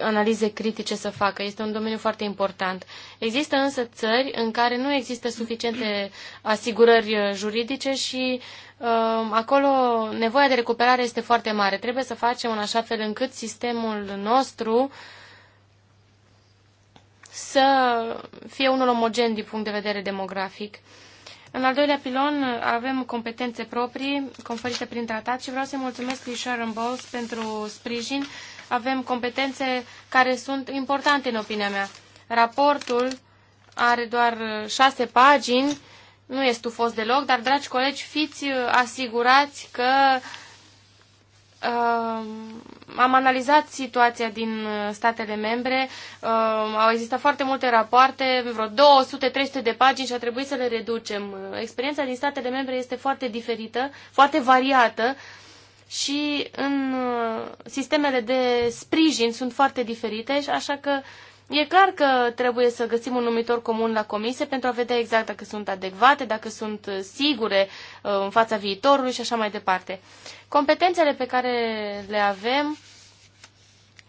analize critice să facă. Este un domeniu foarte important. Există însă țări în care nu există suficiente asigurări juridice și uh, Um, acolo nevoia de recuperare este foarte mare. Trebuie să facem în așa fel încât sistemul nostru să fie unul omogen din punct de vedere demografic. În al doilea pilon avem competențe proprii conferite prin tratat și vreau să-i mulțumesc lui Sharon Bowles pentru sprijin. Avem competențe care sunt importante în opinia mea. Raportul are doar șase pagini nu e stufos deloc, dar, dragi colegi, fiți uh, asigurați că uh, am analizat situația din uh, statele membre. Uh, au existat foarte multe rapoarte, vreo 200-300 de pagini și a trebuit să le reducem. Uh, experiența din statele membre este foarte diferită, foarte variată și în uh, sistemele de sprijin sunt foarte diferite, așa că uh, E clar că trebuie să găsim un numitor comun la comisie pentru a vedea exact dacă sunt adecvate, dacă sunt sigure uh, în fața viitorului și așa mai departe. Competențele pe care le avem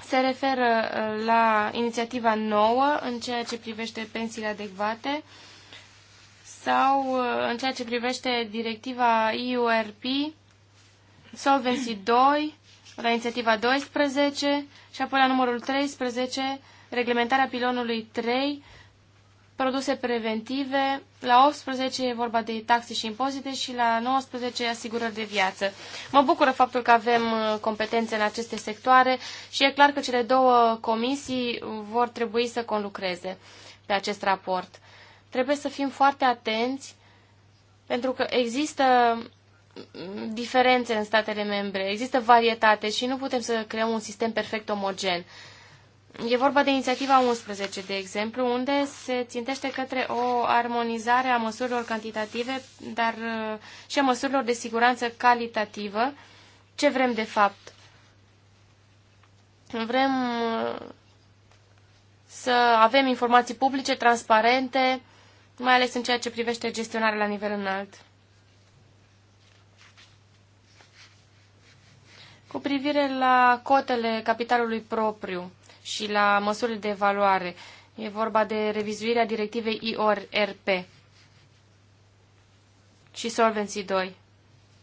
se referă uh, la inițiativa nouă în ceea ce privește pensiile adecvate sau uh, în ceea ce privește directiva IURP, Solvency 2, la inițiativa 12 și apoi la numărul 13 reglementarea pilonului 3, produse preventive, la 18 e vorba de taxe și impozite și la 19 asigurări de viață. Mă bucură faptul că avem uh, competențe în aceste sectoare și e clar că cele două comisii vor trebui să conlucreze pe acest raport. Trebuie să fim foarte atenți pentru că există mm, diferențe în statele membre, există varietate și nu putem să creăm un sistem perfect omogen. E vorba de inițiativa 11, de exemplu, unde se țintește către o armonizare a măsurilor cantitative, dar și a măsurilor de siguranță calitativă. Ce vrem de fapt? Vrem uh, să avem informații publice, transparente, mai ales în ceea ce privește gestionarea la nivel înalt. Cu privire la cotele capitalului propriu, și la măsurile de evaluare. E vorba de revizuirea directivei IORRP. și Solvency 2.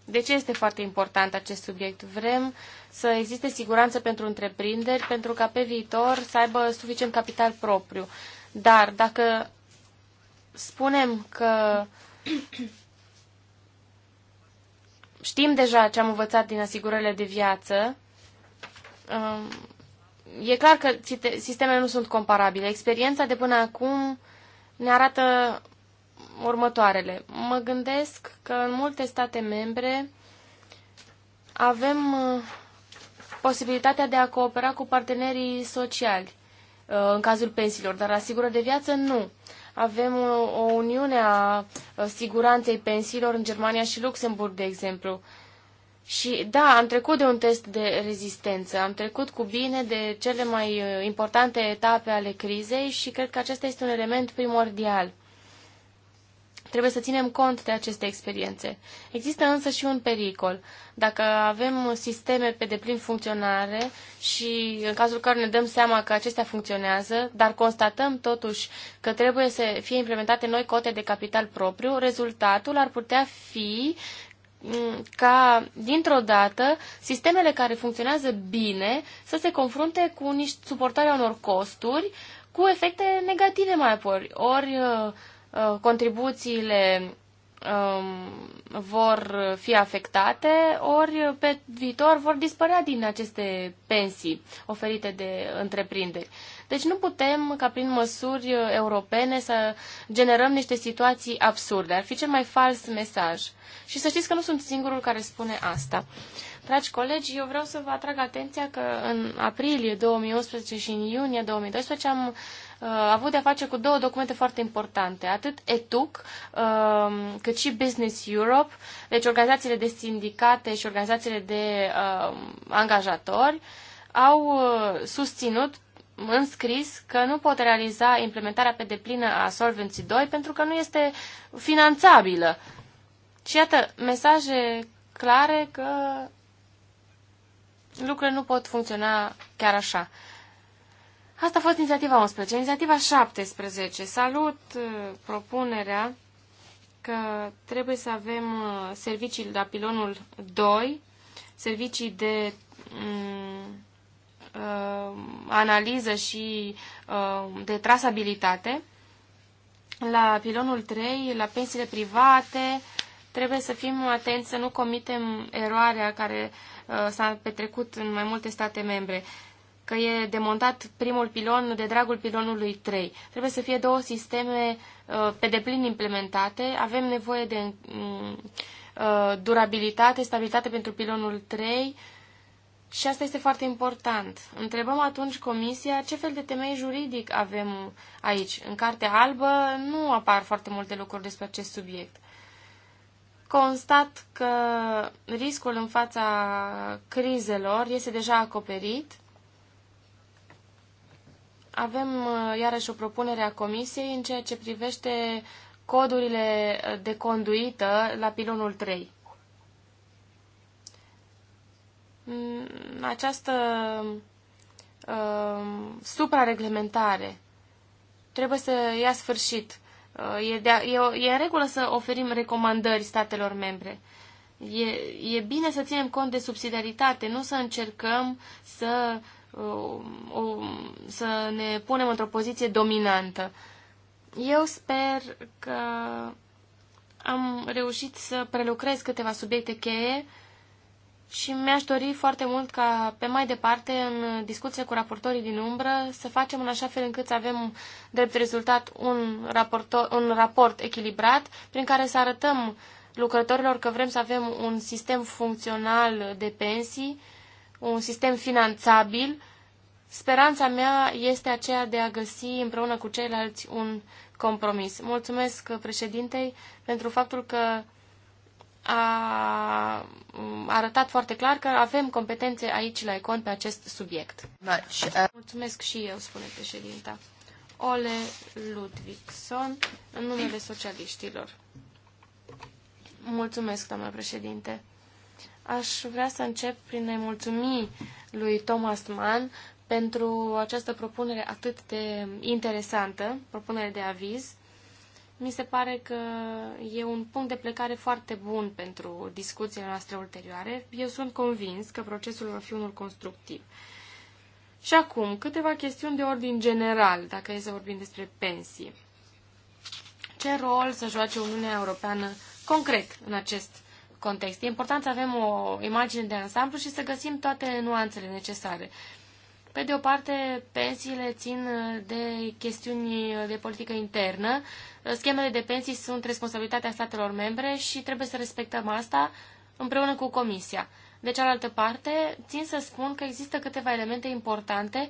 De ce este foarte important acest subiect? Vrem să existe siguranță pentru întreprinderi, pentru ca pe viitor să aibă suficient capital propriu. Dar dacă spunem că știm deja ce am învățat din asigurările de viață, um, e clar că sistemele nu sunt comparabile. Experiența de până acum ne arată următoarele. Mă gândesc că în multe state membre avem uh, posibilitatea de a coopera cu partenerii sociali uh, în cazul pensiilor, dar asigură de viață nu. Avem uh, o uniune a siguranței pensiilor în Germania și Luxemburg, de exemplu. Și da, am trecut de un test de rezistență, am trecut cu bine de cele mai uh, importante etape ale crizei și cred că acesta este un element primordial. Trebuie să ținem cont de aceste experiențe. Există însă și un pericol. Dacă avem sisteme pe deplin funcționare și în cazul care ne dăm seama că acestea funcționează, dar constatăm totuși că trebuie să fie implementate noi cote de capital propriu, rezultatul ar putea fi ca, dintr-o dată, sistemele care funcționează bine să se confrunte cu niște, suportarea unor costuri cu efecte negative mai apoi. Ori uh, uh, contribuțiile um, vor fi afectate, ori uh, pe viitor vor dispărea din aceste pensii oferite de întreprinderi. Deci nu putem ca prin măsuri uh, europene să generăm niște situații absurde. Ar fi cel mai fals mesaj. Și să știți că nu sunt singurul care spune asta. Dragi colegi, eu vreau să vă atrag atenția că în aprilie 2011 și în iunie 2012 am uh, avut de-a face cu două documente foarte importante, atât ETUC, uh, cât și Business Europe, deci organizațiile de sindicate și organizațiile de uh, angajatori, au uh, susținut în scris că nu pot realiza implementarea pe deplină a Solvency 2 pentru că nu este finanțabilă. Și iată, mesaje clare că lucrurile nu pot funcționa chiar așa. Asta a fost inițiativa 11. Inițiativa 17. Salut uh, propunerea că trebuie să avem uh, servicii la pilonul 2, servicii de mm, uh, analiză și uh, de trasabilitate. La pilonul 3, la pensiile private, trebuie să fim atenți să nu comitem eroarea care uh, s-a petrecut în mai multe state membre că e demontat primul pilon de dragul pilonului 3. Trebuie să fie două sisteme uh, pe deplin implementate. Avem nevoie de mm, uh, durabilitate, stabilitate pentru pilonul 3 și asta este foarte important. Întrebăm atunci Comisia ce fel de temei juridic avem aici. În Cartea Albă nu apar foarte multe lucruri despre acest subiect. Constat că riscul în fața crizelor este deja acoperit. Avem uh, iarăși o propunere a Comisiei în ceea ce privește codurile de conduită la pilonul 3. această uh, suprareglementare trebuie să ia sfârșit. Uh, e, de, e, e în regulă să oferim recomandări statelor membre. E, e bine să ținem cont de subsidiaritate, nu să încercăm să, uh, o, să ne punem într-o poziție dominantă. Eu sper că am reușit să prelucrez câteva subiecte cheie uh, și mi-aș dori foarte mult ca pe mai departe, în discuție cu raportorii din umbră, să facem în așa fel încât să avem drept rezultat un, raportor, un raport echilibrat prin care să arătăm lucrătorilor că vrem să avem un sistem funcțional de pensii, un sistem finanțabil. Speranța mea este aceea de a găsi împreună cu ceilalți un compromis. Mulțumesc președintei pentru faptul că a mm, arătat foarte clar că avem competențe aici la Econ pe acest subiect. Uh, Mulțumesc și eu, spune președinta. Ole Ludvigson, în numele socialiștilor. Mulțumesc, doamnă președinte. Aș vrea să încep prin a-i mulțumi lui Thomas Mann pentru această propunere atât de interesantă, propunere de aviz mi se pare că e un punct de plecare foarte bun pentru discuțiile noastre ulterioare. Eu sunt convins că procesul va fi unul constructiv. Și acum, câteva chestiuni de ordin general, dacă e să vorbim despre pensii. Ce rol să joace Uniunea Europeană concret în acest context? E important să avem o imagine de ansamblu și să găsim toate nuanțele necesare. Pe de o parte, pensiile țin uh, de chestiuni uh, de politică internă. Uh, schemele de pensii sunt responsabilitatea statelor membre și trebuie să respectăm asta împreună cu Comisia. De cealaltă parte, țin să spun că există câteva elemente importante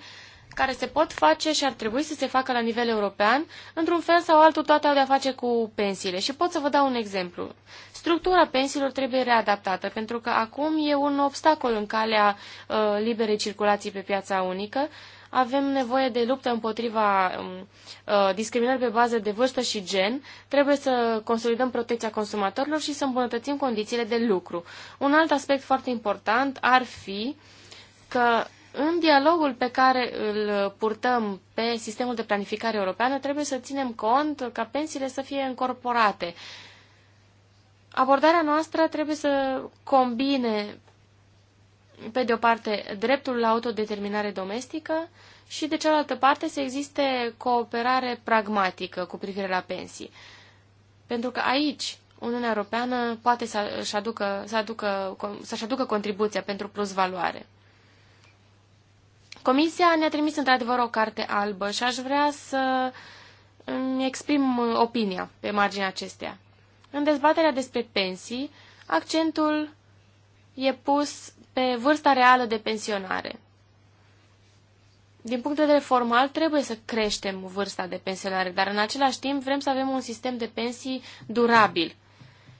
care se pot face și ar trebui să se facă la nivel european, într-un fel sau altul toate au de-a face cu pensiile. Și pot să vă dau un exemplu. Structura pensiilor trebuie readaptată, pentru că acum e un obstacol în calea uh, liberei circulații pe piața unică. Avem nevoie de luptă împotriva um, uh, discriminării pe bază de vârstă și gen. Trebuie să consolidăm protecția consumatorilor și să îmbunătățim condițiile de lucru. Un alt aspect foarte important ar fi că în dialogul pe care îl purtăm pe sistemul de planificare europeană, trebuie să ținem cont ca pensiile să fie încorporate. Abordarea noastră trebuie să combine, pe de o parte, dreptul la autodeterminare domestică și, de cealaltă parte, să existe cooperare pragmatică cu privire la pensii. Pentru că aici Uniunea Europeană poate să-și aducă, să aducă, să aducă contribuția pentru plus valoare. Comisia ne-a trimis într-adevăr o carte albă și aș vrea să îmi exprim opinia pe marginea acesteia. În dezbaterea despre pensii, accentul e pus pe vârsta reală de pensionare. Din punct de vedere formal, trebuie să creștem vârsta de pensionare, dar în același timp vrem să avem un sistem de pensii durabil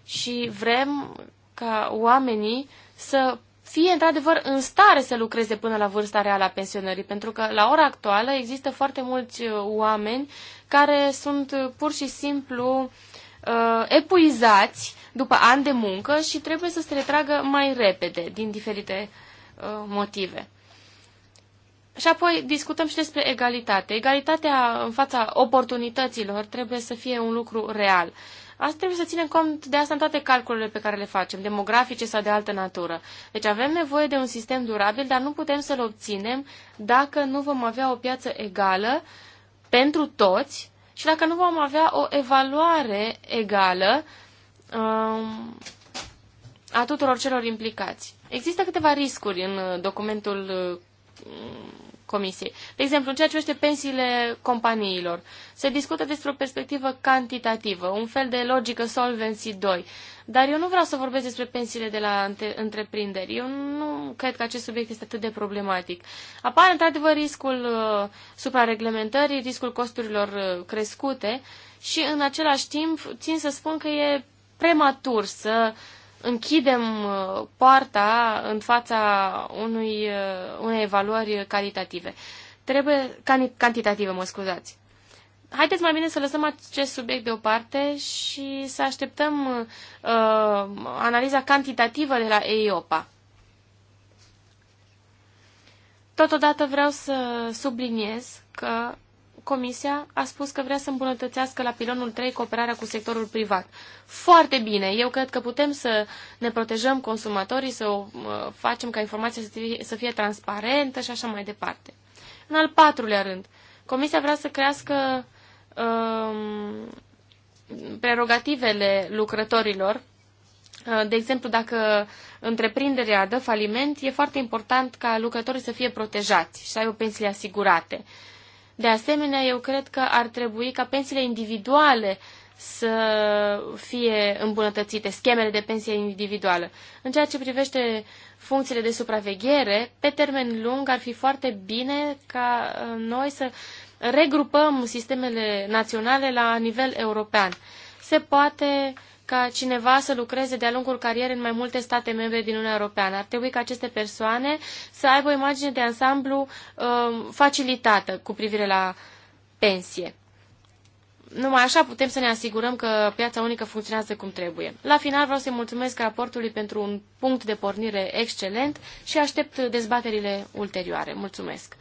și vrem ca oamenii să fie într-adevăr în stare să lucreze până la vârsta reală a pensionării, pentru că la ora actuală există foarte mulți uh, oameni care sunt uh, pur și simplu uh, epuizați după ani de muncă și trebuie să se retragă mai repede din diferite uh, motive. Și apoi discutăm și despre egalitate. Egalitatea în fața oportunităților trebuie să fie un lucru real. Uh, Asta trebuie să ținem cont de asta în toate calculele pe care le facem, demografice sau de altă natură. Deci avem nevoie de un sistem durabil, dar nu putem să-l obținem dacă nu vom avea o piață egală pentru toți și dacă nu vom avea o evaluare egală um, a tuturor celor implicați. Există câteva riscuri în documentul Comisiei. De exemplu, în ceea ce privește pensiile companiilor, se discută despre o perspectivă cantitativă, un fel de logică Solvency 2. Dar eu nu vreau să vorbesc despre pensiile de la întreprinderi. Eu nu cred că acest subiect este atât de problematic. Apare într-adevăr riscul uh, suprareglementării, riscul costurilor uh, crescute și în același timp țin să spun că e prematur să uh, închidem uh, poarta în fața unui, uh, unei evaluări calitative. Trebuie, cantitative, mă scuzați. Haideți mai bine să lăsăm acest subiect deoparte și să așteptăm uh, analiza cantitativă de la EIOPA. Totodată vreau să subliniez că Comisia a spus că vrea să îmbunătățească la pilonul 3 cooperarea cu sectorul privat. Foarte bine! Eu cred că putem să ne protejăm consumatorii, să o uh, facem ca informația să fie, să fie transparentă și așa mai departe. În al patrulea rând, Comisia vrea să crească um, prerogativele lucrătorilor. Uh, de exemplu, dacă întreprinderea dă faliment, e foarte important ca lucrătorii să fie protejați și să aibă pensiile asigurate. Uh, de asemenea, eu cred că ar trebui ca pensiile individuale să fie îmbunătățite, schemele de pensie individuală. În ceea ce privește funcțiile de supraveghere, pe termen lung ar fi foarte bine ca uh, noi să regrupăm sistemele naționale la nivel european. Se poate uh, ca cineva să lucreze de-a lungul carierei în mai multe state membre din Uniunea Europeană. Ar trebui ca aceste persoane să aibă o imagine de ansamblu uh, facilitată cu privire la pensie. Numai așa putem să ne asigurăm că piața unică funcționează cum trebuie. La final vreau să-i mulțumesc raportului pentru un punct de pornire excelent și aștept dezbaterile ulterioare. Mulțumesc!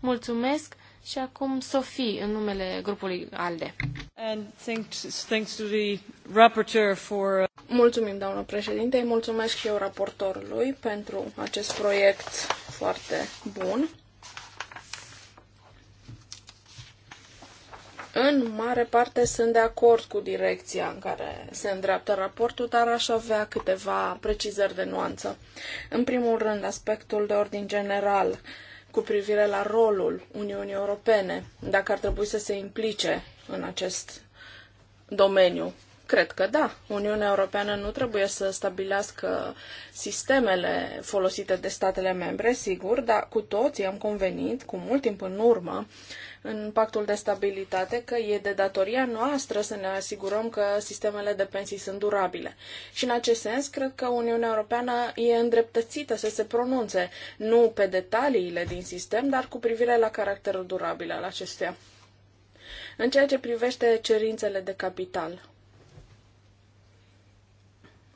Mulțumesc! Și acum Sofie, în numele grupului ALDE. And thanks, thanks to the rapporteur for... Uh, Mulțumim, doamnă președinte, mulțumesc și eu raportorului pentru acest proiect foarte bun. În mare parte sunt de acord cu direcția în care se îndreaptă raportul, dar aș avea câteva precizări de nuanță. În primul rând, aspectul de ordin general cu privire la rolul Uniunii Europene, dacă ar trebui să se implice în acest domeniu Cred că da. Uniunea Europeană nu trebuie să stabilească sistemele folosite de statele membre, sigur, dar cu toții am convenit, cu mult timp în urmă, în pactul de stabilitate că e de datoria noastră să ne asigurăm că sistemele de pensii sunt durabile. Și în acest sens, cred că Uniunea Europeană e îndreptățită să se pronunțe nu pe detaliile din sistem, dar cu privire la caracterul durabil al acestuia. În ceea ce privește cerințele de capital,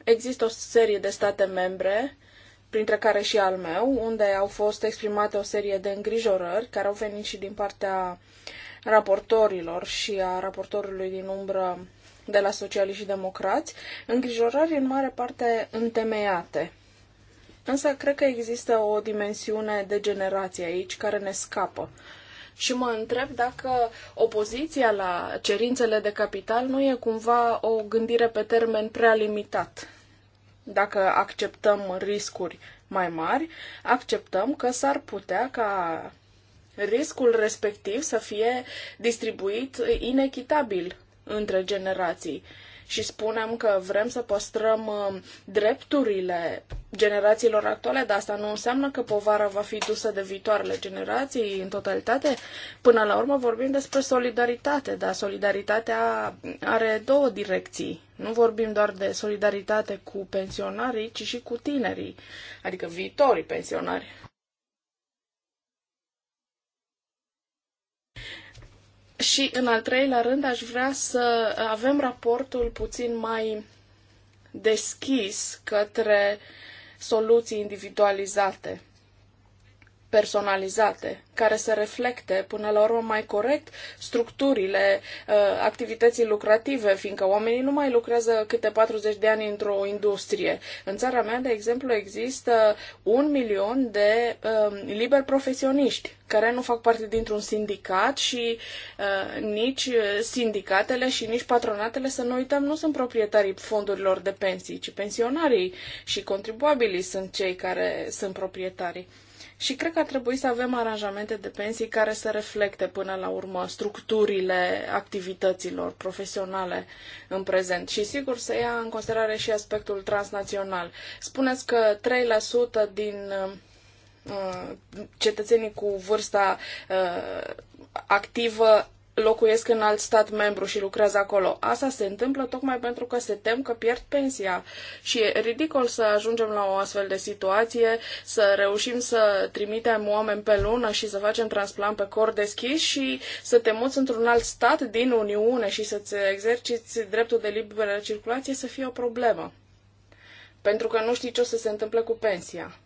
Există o serie de state membre, printre care și al meu, unde au fost exprimate o serie de îngrijorări care au venit și din partea raportorilor și a raportorului din umbră de la socialiști și democrați, îngrijorări în mare parte întemeiate. Însă cred că există o dimensiune de generație aici care ne scapă. Uh, și mă întreb dacă opoziția la cerințele de capital nu e cumva o gândire pe termen prea limitat. Dacă acceptăm riscuri mai mari, acceptăm că s-ar putea ca riscul respectiv să fie distribuit inechitabil între generații și spunem că vrem să păstrăm uh, drepturile generațiilor actuale, dar asta nu înseamnă că povara va fi dusă de viitoarele generații în totalitate. Până la urmă vorbim despre solidaritate, dar solidaritatea are două direcții. Nu vorbim doar de solidaritate cu pensionarii, ci și cu tinerii, adică viitorii pensionari. Și în al treilea rând aș vrea să avem raportul puțin mai deschis către soluții individualizate personalizate, care să reflecte până la urmă mai corect structurile uh, activității lucrative, fiindcă oamenii nu mai lucrează câte 40 de ani într-o industrie. În țara mea, de exemplu, există un milion de uh, um, liberi profesioniști care nu fac parte dintr-un sindicat și uh, nici sindicatele și nici patronatele, să nu uităm, nu sunt proprietarii fondurilor de pensii, ci pensionarii și contribuabilii sunt cei care sunt proprietarii. Și cred că ar trebui să avem aranjamente de pensii care să reflecte până la urmă structurile activităților profesionale în prezent. Și sigur să ia în considerare și aspectul transnațional. Spuneți că 3% din uh, cetățenii cu vârsta uh, activă locuiesc în alt stat membru și lucrează acolo. Asta se întâmplă tocmai pentru că se tem că pierd pensia. Și e ridicol să ajungem la o astfel de situație, să reușim să trimitem oameni pe lună și să facem transplant pe cor deschis și să te muți într-un alt stat din Uniune și să-ți exerciți dreptul de liberă circulație să fie o problemă. Pentru că nu știi ce o să se întâmple cu pensia.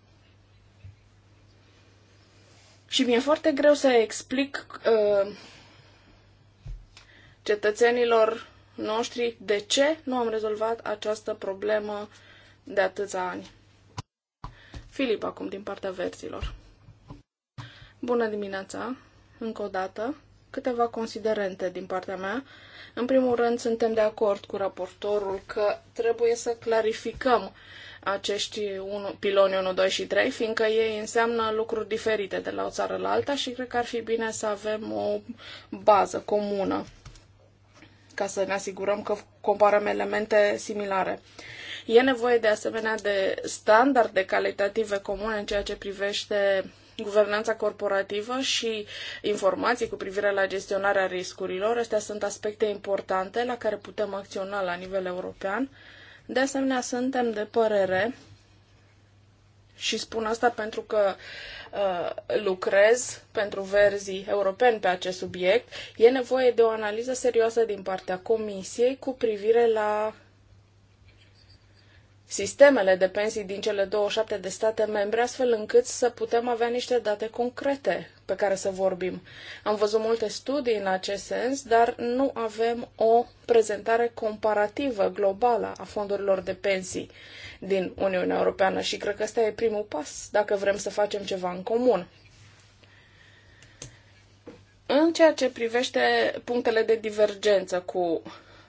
Și mi-e foarte greu să explic uh, cetățenilor noștri de ce nu am rezolvat această problemă de atâția ani. Filip, acum, din partea verzilor. Bună dimineața, încă o dată. Câteva considerente din partea mea. În primul rând, suntem de acord cu raportorul că trebuie să clarificăm acești unu, piloni 1, 2 și 3, fiindcă ei înseamnă lucruri diferite de la o țară la alta și cred că ar fi bine să avem o bază comună ca să ne asigurăm că comparăm elemente similare. E nevoie de asemenea de standarde calitative comune în ceea ce privește guvernanța corporativă și informații cu privire la gestionarea riscurilor. Astea sunt aspecte importante la care putem acționa la nivel european. De asemenea, suntem de părere și spun asta pentru că uh, lucrez pentru verzii europeni pe acest subiect. E nevoie de o analiză serioasă din partea Comisiei cu privire la sistemele de pensii din cele 27 de state membre, astfel încât să putem avea niște date concrete pe care să vorbim. Am văzut multe studii în acest sens, dar nu avem o prezentare comparativă globală a fondurilor de pensii din Uniunea Europeană și cred că ăsta e primul pas dacă vrem să facem ceva în comun. În ceea ce privește punctele de divergență cu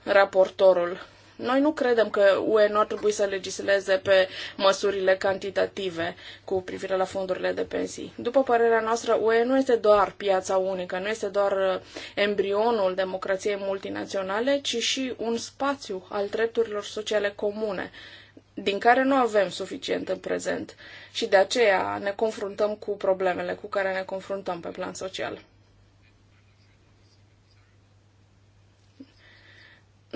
raportorul noi nu credem că UE nu ar trebui să legisleze pe măsurile cantitative cu privire la fondurile de pensii. După părerea noastră, UE nu este doar piața unică, nu este doar uh, embrionul democrației multinaționale, ci și un spațiu al drepturilor sociale comune din care nu avem suficient în prezent și de aceea ne confruntăm cu problemele cu care ne confruntăm pe plan social.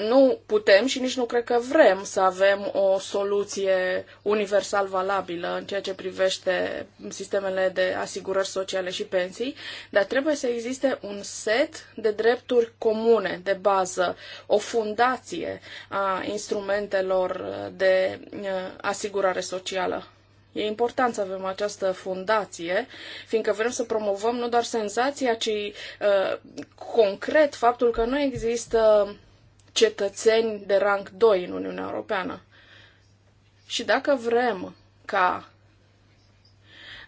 nu putem și nici nu cred că vrem să avem o soluție universal valabilă în ceea ce privește sistemele de asigurări sociale și pensii, dar trebuie să existe un set de drepturi comune, de bază, o fundație a instrumentelor de uh, asigurare socială. E important să avem această fundație, fiindcă vrem să promovăm nu doar senzația, ci uh, concret faptul că nu există cetățeni de rang 2 în Uniunea Europeană. Și dacă vrem ca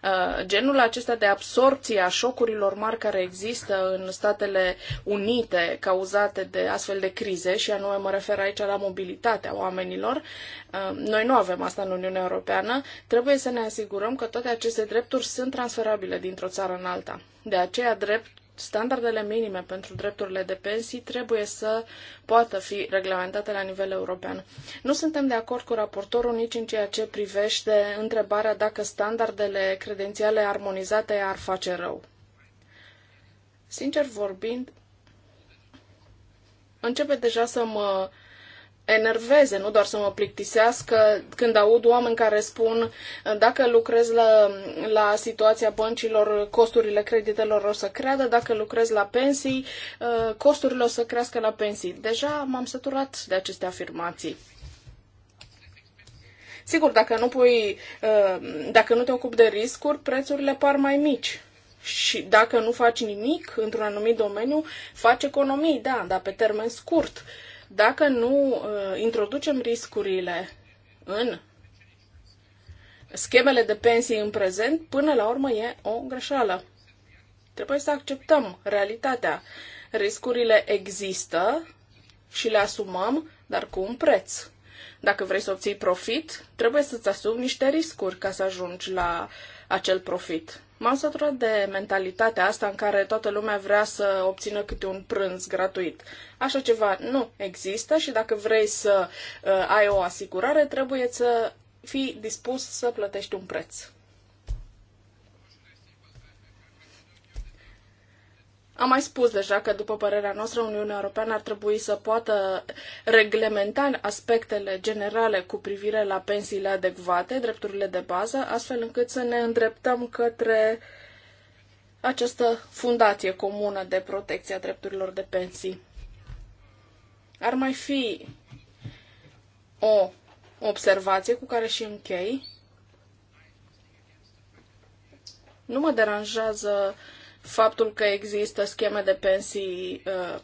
uh, genul acesta de absorpție a șocurilor mari care există în Statele Unite cauzate de astfel de crize, și anume mă refer aici la mobilitatea oamenilor, uh, noi nu avem asta în Uniunea Europeană, trebuie să ne asigurăm că toate aceste drepturi sunt transferabile dintr-o țară în alta. De aceea, drept standardele minime pentru drepturile de pensii trebuie să poată fi reglementate la nivel european. Nu suntem de acord cu raportorul nici în ceea ce privește întrebarea dacă standardele credențiale armonizate ar face rău. Sincer vorbind, începe deja să mă enerveze, nu doar să mă plictisească când aud oameni care spun dacă lucrez la, la situația băncilor, costurile creditelor o să creadă, dacă lucrez la pensii, uh, costurile o să crească la pensii. Deja m-am săturat de aceste afirmații. Sigur, dacă nu, pui, uh, dacă nu te ocupi de riscuri, prețurile par mai mici. Și dacă nu faci nimic într-un anumit domeniu, faci economii, da, dar pe termen scurt. Uh, dacă nu uh, introducem riscurile în schemele de pensii în prezent, până la urmă e o greșeală. Trebuie să acceptăm realitatea. Riscurile există și le asumăm, dar cu un preț. Dacă vrei să obții profit, trebuie să-ți asumi niște riscuri ca să ajungi la acel profit. M-am săturat de mentalitatea asta în care toată lumea vrea să obțină câte un prânz gratuit. Așa ceva nu există și dacă vrei să uh, ai o asigurare, trebuie să fii dispus să plătești un preț. Am mai spus deja că, după părerea noastră, Uniunea Europeană ar trebui să poată reglementa aspectele generale cu privire la pensiile adecvate, drepturile de bază, astfel încât să ne îndreptăm către această fundație comună de protecție a drepturilor de pensii. Ar mai fi o observație cu care și închei. Nu mă deranjează uh, faptul că există scheme de pensii uh,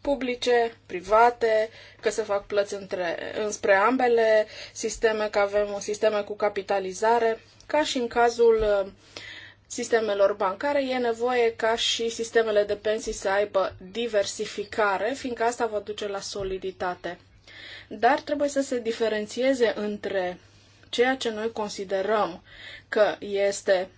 publice, private, că se fac plăți între, înspre ambele sisteme, că avem un sisteme cu capitalizare. Ca și în cazul uh, sistemelor bancare, e nevoie ca și sistemele de pensii să aibă diversificare, fiindcă asta va duce la soliditate. Dar trebuie să se diferențieze între ceea ce noi considerăm că este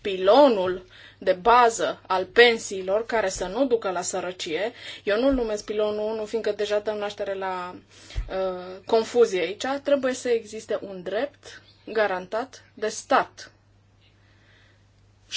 pilonul uh, de bază al pensiilor care să nu ducă la sărăcie. Eu nu-l numesc pilonul 1, fiindcă deja dăm naștere la uh, confuzie aici. Trebuie să existe un drept garantat de stat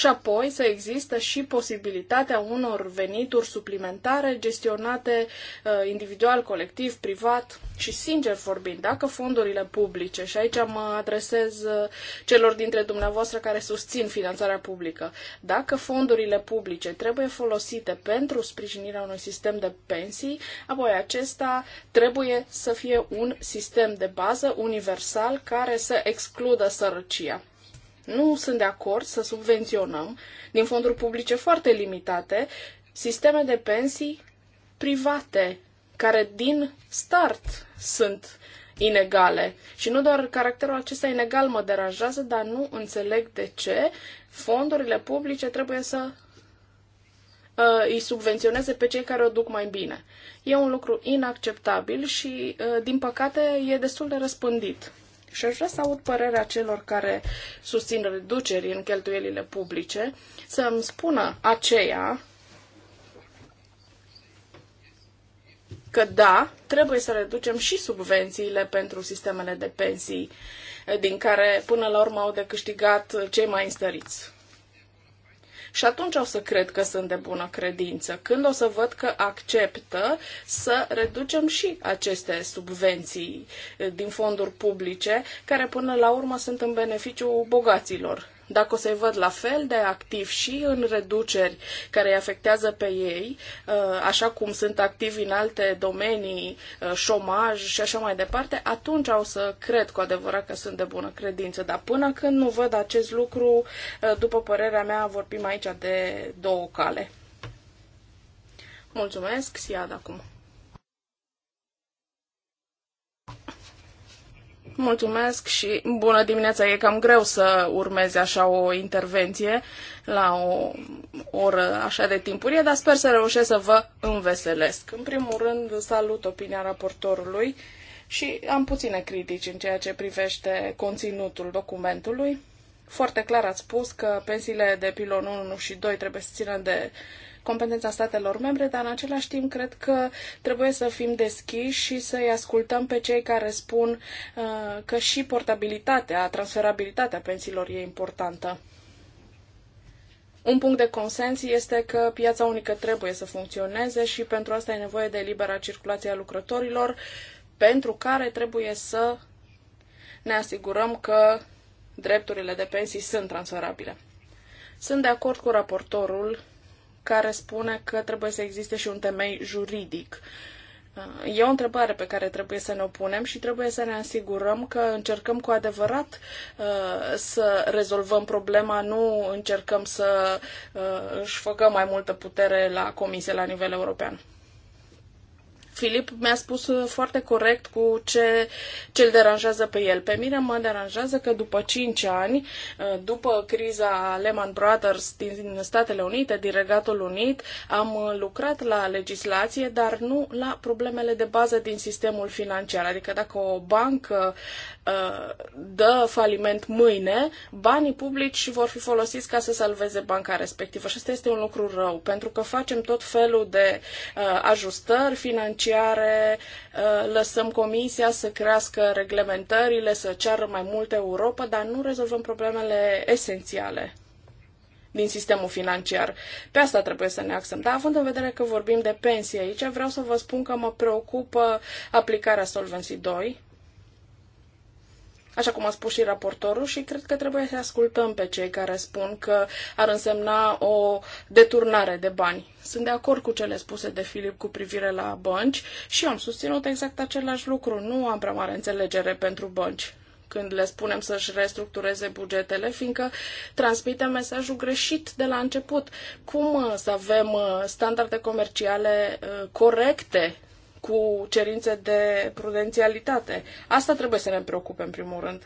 și apoi să există și posibilitatea unor venituri suplimentare gestionate uh, individual, colectiv, privat și sincer vorbind, dacă fondurile publice, și aici mă adresez uh, celor dintre dumneavoastră care susțin finanțarea publică, dacă fondurile publice trebuie folosite pentru sprijinirea unui sistem de pensii, apoi acesta trebuie să fie un sistem de bază universal care să excludă sărăcia. Nu sunt de acord să subvenționăm din fonduri publice foarte limitate sisteme de pensii private care din start sunt inegale. Și nu doar caracterul acesta inegal mă deranjează, dar nu înțeleg de ce fondurile publice trebuie să uh, îi subvenționeze pe cei care o duc mai bine. E un lucru inacceptabil și, uh, din păcate, e destul de răspândit. Și aș vrea să aud părerea celor care susțin reduceri în cheltuielile publice, să îmi spună aceea că da, trebuie să reducem și subvențiile pentru sistemele de pensii, din care până la urmă au de câștigat cei mai înstăriți. Și atunci o să cred că sunt de bună credință, când o să văd că acceptă să reducem și aceste subvenții eh, din fonduri publice, care până la urmă sunt în beneficiu bogaților dacă o să-i văd la fel de activ și în reduceri care îi afectează pe ei, uh, așa cum sunt activi în alte domenii, uh, șomaj și așa mai departe, atunci o să cred cu adevărat că sunt de bună credință. Dar până când nu văd acest lucru, uh, după părerea mea, vorbim aici de două cale. Mulțumesc, Siad acum. Mulțumesc și bună dimineața. E cam greu să urmezi așa o intervenție la o oră așa de timpurie, dar sper să reușesc să vă înveselesc. În primul rând, salut opinia raportorului și am puține critici în ceea ce privește conținutul documentului. Foarte clar ați spus că pensiile de pilon 1 și 2 trebuie să țină de competența statelor membre, dar în același timp cred că trebuie să fim deschiși și să-i ascultăm pe cei care spun uh, că și portabilitatea, transferabilitatea pensiilor e importantă. Un punct de consens este că piața unică trebuie să funcționeze și pentru asta e nevoie de libera circulație a lucrătorilor, pentru care trebuie să ne asigurăm că drepturile de pensii sunt transferabile. Sunt de acord cu raportorul care spune că trebuie să existe și un temei juridic. Uh, e o întrebare pe care trebuie să ne o punem și trebuie să ne asigurăm că încercăm cu adevărat uh, să rezolvăm problema, nu încercăm să uh, își făcăm mai multă putere la comisie la nivel european. Filip mi-a spus uh, foarte corect cu ce îl deranjează pe el. Pe mine mă deranjează că după 5 ani, uh, după criza Lehman Brothers din Statele Unite, din Regatul Unit, am uh, lucrat la legislație, dar nu la problemele de bază din sistemul financiar. Adică dacă o bancă dă faliment mâine, banii publici vor fi folosiți ca să salveze banca respectivă. Și asta este un lucru rău, pentru că facem tot felul de ajustări financiare financiare, uh, lăsăm comisia să crească reglementările, să ceară mai multă Europa, dar nu rezolvăm problemele esențiale din sistemul financiar. Pe asta trebuie să ne axăm. Dar având în vedere că vorbim de pensie aici, vreau să vă spun că mă preocupă aplicarea Solvency 2, așa cum a spus și raportorul, și cred că trebuie să ascultăm pe cei care spun că ar însemna o deturnare de bani. Sunt de acord cu cele spuse de Filip cu privire la bănci și am susținut exact același lucru. Nu am prea mare înțelegere pentru bănci când le spunem să-și restructureze bugetele, fiindcă transmitem mesajul greșit de la început. Cum să avem uh, standarde comerciale uh, corecte cu cerințe de prudențialitate. Asta trebuie să ne preocupe în primul rând.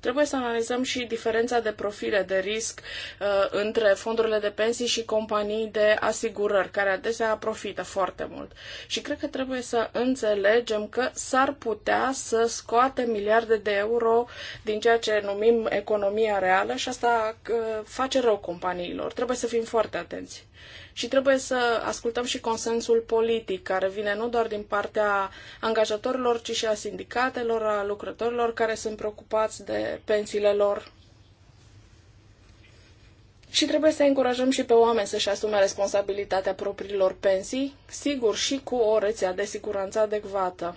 Trebuie să analizăm și diferența de profile de risc uh, între fondurile de pensii și companii de asigurări, care adesea profită foarte mult. Și cred că trebuie să înțelegem că s-ar putea să scoate miliarde de euro din ceea ce numim economia reală și asta uh, face rău companiilor. Trebuie să fim foarte atenți și trebuie să ascultăm și consensul politic care vine nu doar din partea angajatorilor, ci și a sindicatelor, a lucrătorilor care sunt preocupați de pensiile lor. Și trebuie să încurajăm și pe oameni să-și asume responsabilitatea propriilor pensii, sigur și cu o rețea de siguranță adecvată.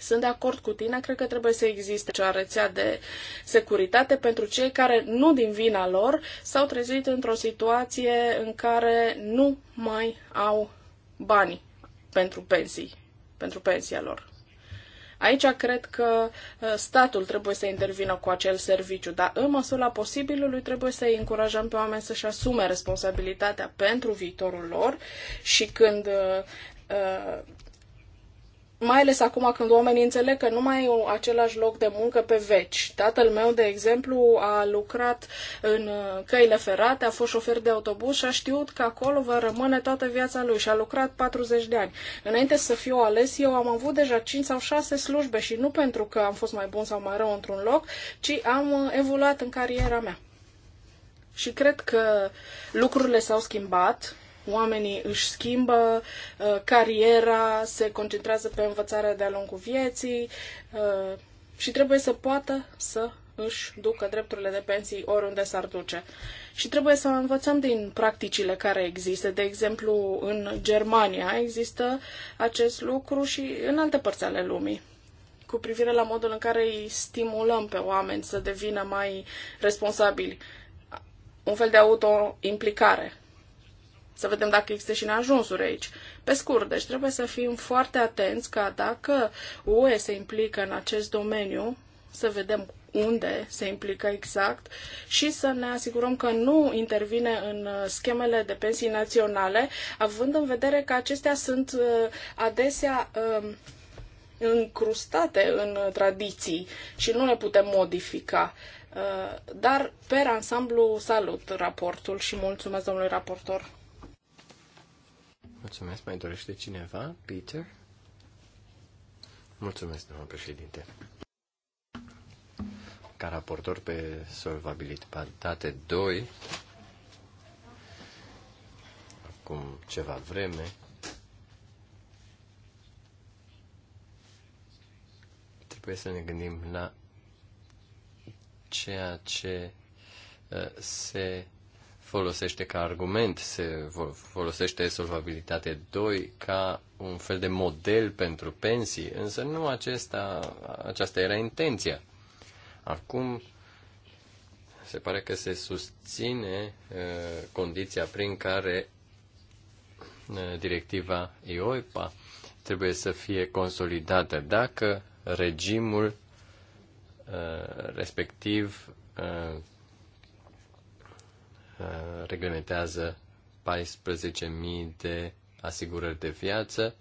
Sunt de acord cu tine, cred că trebuie să existe o rețea de securitate pentru cei care nu din vina lor s-au trezit într-o situație în care nu mai au bani pentru pensii, pentru pensia lor. Aici cred că uh, statul trebuie să intervină cu acel serviciu, dar în măsura posibilului trebuie să îi încurajăm pe oameni să-și asume responsabilitatea pentru viitorul lor și când uh, uh mai ales acum când oamenii înțeleg că nu mai e același loc de muncă pe veci. Tatăl meu, de exemplu, a lucrat în uh, căile ferate, a fost șofer de autobuz și a știut că acolo va rămâne toată viața lui și a lucrat 40 de ani. Înainte să fiu ales, eu am avut deja 5 sau 6 slujbe și nu pentru că am fost mai bun sau mai rău într-un loc, ci am uh, evoluat în cariera mea. Și cred că lucrurile s-au schimbat Oamenii își schimbă uh, cariera, se concentrează pe învățarea de-a lungul vieții uh, și trebuie să poată să își ducă drepturile de pensii oriunde s-ar duce. Și trebuie să învățăm din practicile care există. De exemplu, în Germania există acest lucru și în alte părți ale lumii cu privire la modul în care îi stimulăm pe oameni să devină mai responsabili. Un fel de autoimplicare. Să vedem dacă există și neajunsuri aici. Pe scurt, deci trebuie să fim foarte atenți ca dacă UE se implică în acest domeniu, să vedem unde se implică exact și să ne asigurăm că nu intervine în uh, schemele de pensii naționale, având în vedere că acestea sunt uh, adesea um, încrustate în uh, tradiții și nu le putem modifica. Dar, per ansamblu, salut raportul și mulțumesc domnului raportor. Mulțumesc. Mai dorește cineva? Peter? Mulțumesc, doamna președinte. Ca raportor pe solvabilitate 2, acum ceva vreme, trebuie să ne gândim la ceea ce uh, se folosește ca argument, se folosește solvabilitate 2 ca un fel de model pentru pensii, însă nu acesta, aceasta era intenția. Acum se pare că se susține uh, condiția prin care uh, directiva IOIPA trebuie să fie consolidată dacă regimul uh, respectiv uh, Uh, reglementează 14.000 de asigurări de viață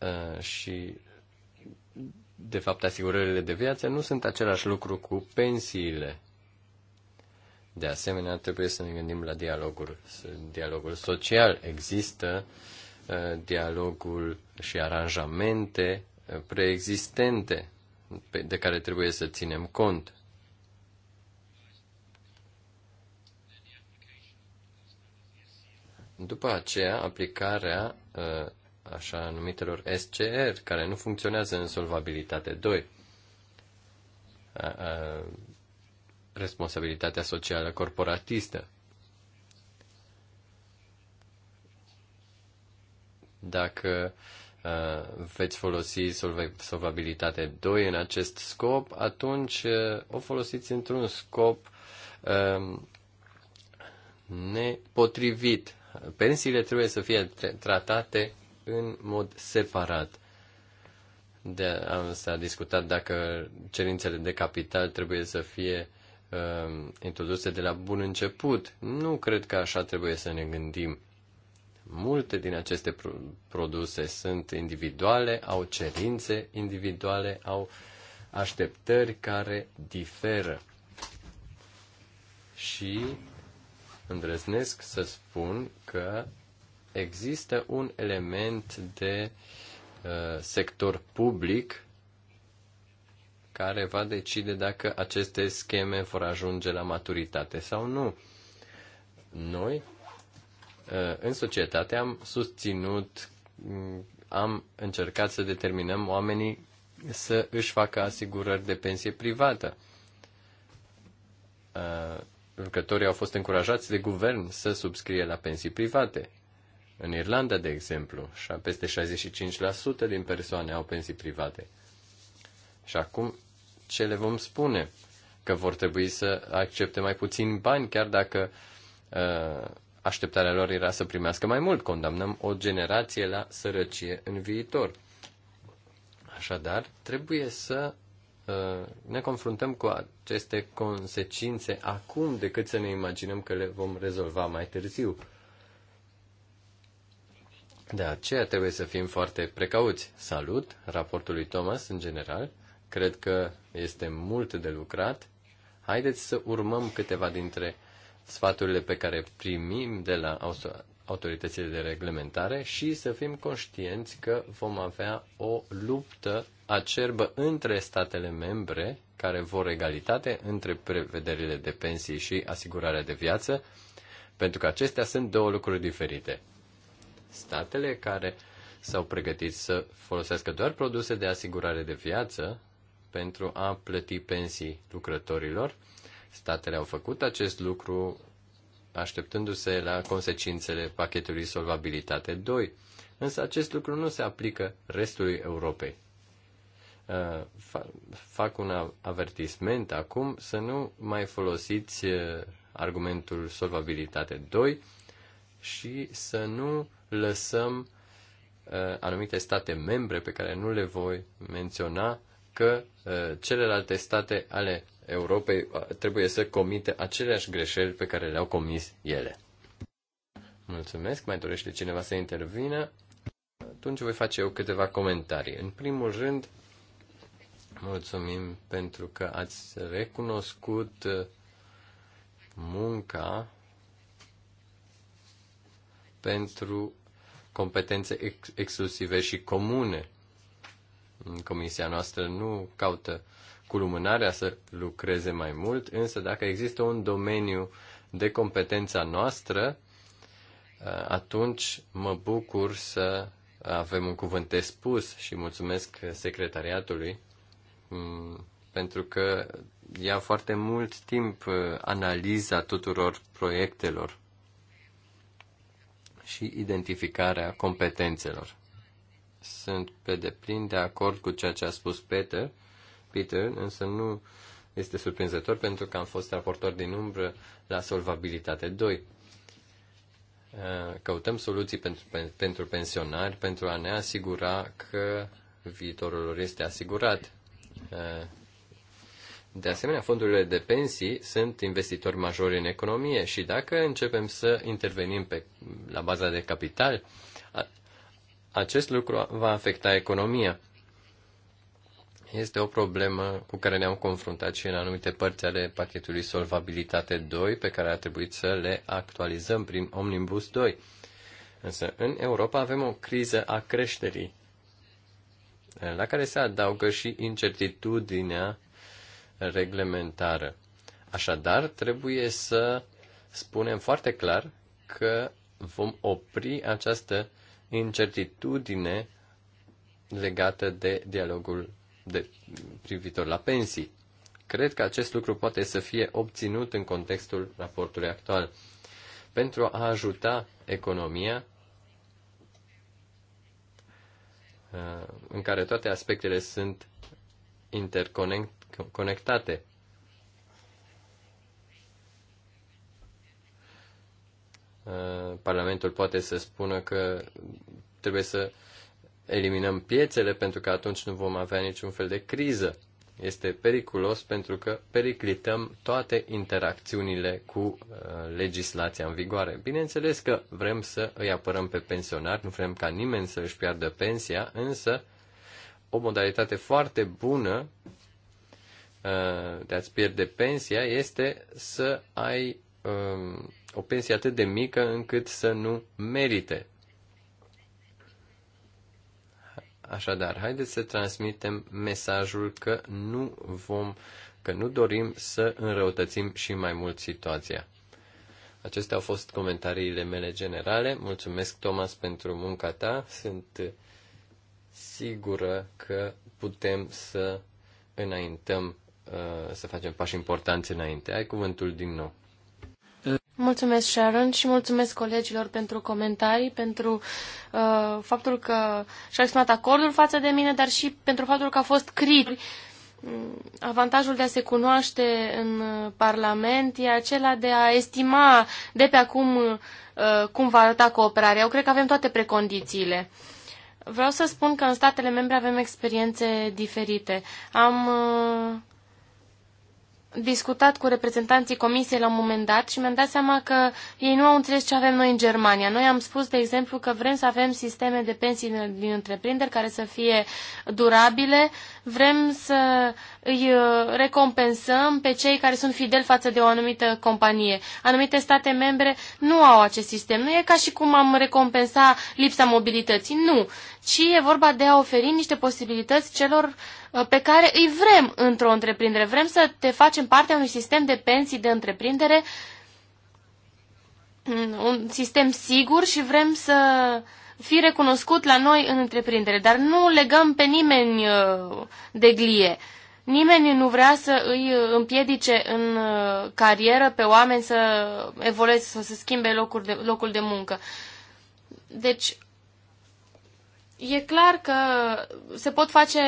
uh, și de fapt asigurările de viață nu sunt același lucru cu pensiile. De asemenea, trebuie să ne gândim la dialogul, dialogul social. Există uh, dialogul și aranjamente preexistente de care trebuie să ținem cont. După aceea, aplicarea uh, așa numitelor SCR, care nu funcționează în solvabilitate 2. Responsabilitatea socială corporatistă. Dacă veți folosi solvabilitate 2 în acest scop, atunci o folosiți într-un scop nepotrivit pensiile trebuie să fie tratate în mod separat. De, am, s-a discutat dacă cerințele de capital trebuie să fie uh, introduse de la bun început. Nu cred că așa trebuie să ne gândim. Multe din aceste pro- produse sunt individuale, au cerințe individuale, au așteptări care diferă. Și îndrăznesc să spun că există un element de uh, sector public care va decide dacă aceste scheme vor ajunge la maturitate sau nu. Noi, uh, în societate, am susținut, mm, am încercat să determinăm oamenii să își facă asigurări de pensie privată. Uh, lucrătorii au fost încurajați de guvern să subscrie la pensii private. În Irlanda, de exemplu, și peste 65% din persoane au pensii private. Și acum, ce le vom spune? Că vor trebui să accepte mai puțin bani, chiar dacă uh, așteptarea lor era să primească mai mult. Condamnăm o generație la sărăcie în viitor. Așadar, trebuie să Uh, ne confruntăm cu aceste consecințe acum decât să ne imaginăm că le vom rezolva mai târziu. De aceea trebuie să fim foarte precauți. Salut raportul lui Thomas în general. Cred că este mult de lucrat. Haideți să urmăm câteva dintre sfaturile pe care primim de la autoritățile de reglementare și să fim conștienți că vom avea o luptă acerbă între statele membre care vor egalitate între prevederile de pensii și asigurarea de viață, pentru că acestea sunt două lucruri diferite. Statele care s-au pregătit să folosească doar produse de asigurare de viață pentru a plăti pensii lucrătorilor, statele au făcut acest lucru așteptându-se la consecințele pachetului Solvabilitate 2. Însă acest lucru nu se aplică restului Europei. Uh, fac un avertisment acum să nu mai folosiți uh, argumentul Solvabilitate 2 și să nu lăsăm uh, anumite state membre pe care nu le voi menționa că celelalte state ale Europei trebuie să comite aceleași greșeli pe care le-au comis ele. Mulțumesc, mai dorește cineva să intervină? Atunci voi face eu câteva comentarii. În primul rând, mulțumim pentru că ați recunoscut uh, munca pentru competențe ex- exclusive și comune. Comisia noastră nu caută uh, cu lumânarea să lucreze mai mult, însă dacă există un domeniu de competența noastră, uh, atunci mă bucur să avem un cuvânt de spus și mulțumesc secretariatului mm, pentru că ia foarte mult timp uh, analiza tuturor proiectelor și identificarea competențelor. Sunt pe deplin de acord cu ceea ce a spus Peter Peter, însă nu este surprinzător pentru că am fost raportor din umbră la solvabilitate 2. Uh, căutăm soluții pentru, pentru pensionari pentru a ne asigura că viitorul lor este asigurat. Uh, de asemenea, fondurile de pensii sunt investitori majori în economie și dacă începem să intervenim pe, la baza de capital, acest lucru va afecta economia este o problemă cu care ne-am confruntat și în anumite părți ale pachetului Solvabilitate 2, pe care a trebuit să le actualizăm prin Omnibus 2. Însă în Europa avem o criză a creșterii, la care se adaugă și incertitudinea reglementară. Așadar, trebuie să spunem foarte clar că vom opri această incertitudine legată de dialogul de, privitor la pensii. Cred că acest lucru poate să fie obținut în contextul raportului actual pentru a ajuta economia în care toate aspectele sunt interconectate. Parlamentul poate să spună că trebuie să eliminăm piețele pentru că atunci nu vom avea niciun fel de criză. Este periculos pentru că periclităm toate interacțiunile cu uh, legislația în vigoare. Bineînțeles că vrem să îi apărăm pe pensionari, nu vrem ca nimeni să își piardă pensia, însă o modalitate foarte bună uh, de a-ți pierde pensia este să ai uh, o pensie atât de mică încât să nu merite Așadar, haideți să transmitem mesajul că nu vom, că nu dorim să înrăutățim și mai mult situația. Acestea au fost comentariile mele generale. Mulțumesc, Thomas, pentru munca ta. Sunt sigură că putem să înaintăm, uh, să facem pași importanți înainte. Ai cuvântul din nou. Mulțumesc, Sharon, și mulțumesc colegilor pentru comentarii, pentru uh, faptul că și-au exprimat acordul față de mine, dar și pentru faptul că a fost critic. Mm, avantajul de a se cunoaște în Parlament e acela de a estima de pe acum uh, cum va arăta cooperarea. Eu cred că avem toate precondițiile. Vreau să spun că în statele membre avem experiențe diferite. Am... Uh, discutat cu reprezentanții comisiei la un moment dat și mi-am dat seama că ei nu au înțeles ce avem noi în Germania. Noi am spus, de exemplu, că vrem să avem sisteme de pensii din întreprinderi care să fie durabile, vrem să îi uh, recompensăm pe cei care sunt fideli față de o anumită companie. Anumite state membre nu au acest sistem. Nu e ca și cum am recompensa lipsa mobilității, nu, ci e vorba de a oferi niște posibilități celor Uh, pe care îi vrem într-o întreprindere. Vrem să te facem parte a unui sistem de pensii de întreprindere, mm, un sistem sigur și vrem să fi recunoscut la noi în întreprindere, dar nu legăm pe nimeni uh, de glie. Nimeni nu vrea să îi împiedice în uh, carieră pe oameni să evolueze sau să schimbe locul de, locul de muncă. Deci, e clar că se pot face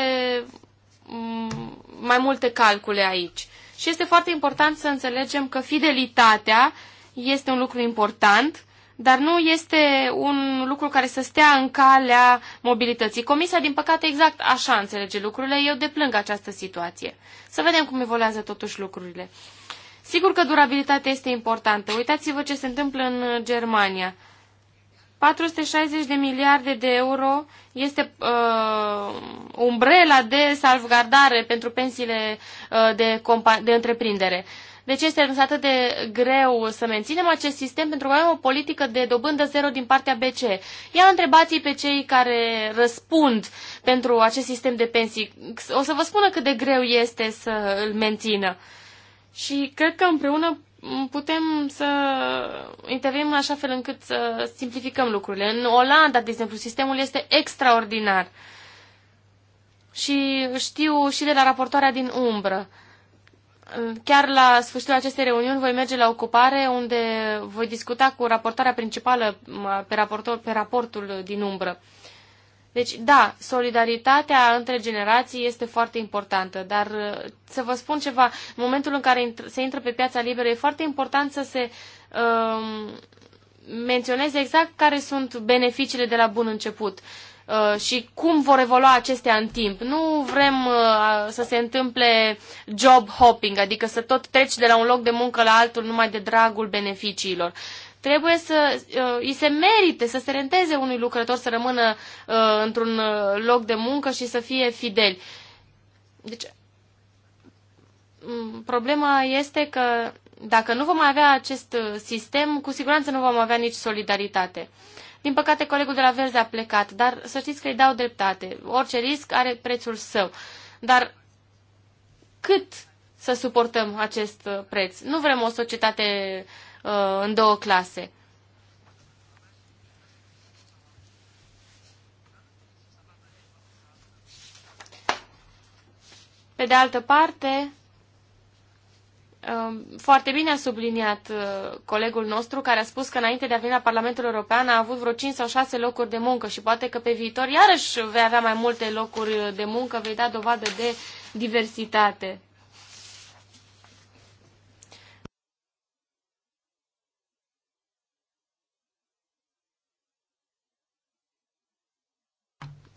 Mm, mai multe calcule aici. Și este foarte important să înțelegem că fidelitatea este un lucru important, dar nu este un lucru care să stea în calea mobilității. Comisia, din păcate, exact așa înțelege lucrurile. Eu deplâng această situație. Să vedem cum evoluează totuși lucrurile. Sigur că durabilitatea este importantă. Uitați-vă ce se întâmplă în Germania. 460 de miliarde de euro este uh, umbrela de salvgardare pentru pensiile uh, de, de întreprindere. Deci este atât de greu să menținem acest sistem pentru că avem o politică de dobândă zero din partea BCE. Ia întrebați pe cei care răspund pentru acest sistem de pensii. O să vă spună cât de greu este să îl mențină. Și cred că împreună putem să intervenim în așa fel încât să simplificăm lucrurile. În Olanda, de exemplu, sistemul este extraordinar. Și știu și de la raportoarea din umbră. Chiar la sfârșitul acestei reuniuni voi merge la ocupare, unde voi discuta cu raportoarea principală pe, raportor, pe raportul din umbră. Deci, da, solidaritatea între generații este foarte importantă, dar uh, să vă spun ceva, în momentul în care se intră pe piața liberă, e foarte important să se um, menționeze exact care sunt beneficiile de la bun început uh, și cum vor evolua acestea în timp. Nu vrem uh, să se întâmple job hopping, adică să tot treci de la un loc de muncă la altul numai de dragul beneficiilor. Trebuie să uh, îi se merite să se renteze unui lucrător să rămână uh, într-un uh, loc de muncă și să fie fidel. Deci, mm, problema este că dacă nu vom avea acest uh, sistem, cu siguranță nu vom avea nici solidaritate. Din păcate, colegul de la Verzi a plecat, dar să știți că îi dau dreptate. Orice risc are prețul său. Dar cât să suportăm acest uh, preț? Nu vrem o societate Uh, în două clase. Pe de altă parte, uh, foarte bine a subliniat uh, colegul nostru care a spus că înainte de a veni la Parlamentul European a avut vreo 5 sau 6 locuri de muncă și poate că pe viitor iarăși vei avea mai multe locuri de muncă, vei da dovadă de diversitate.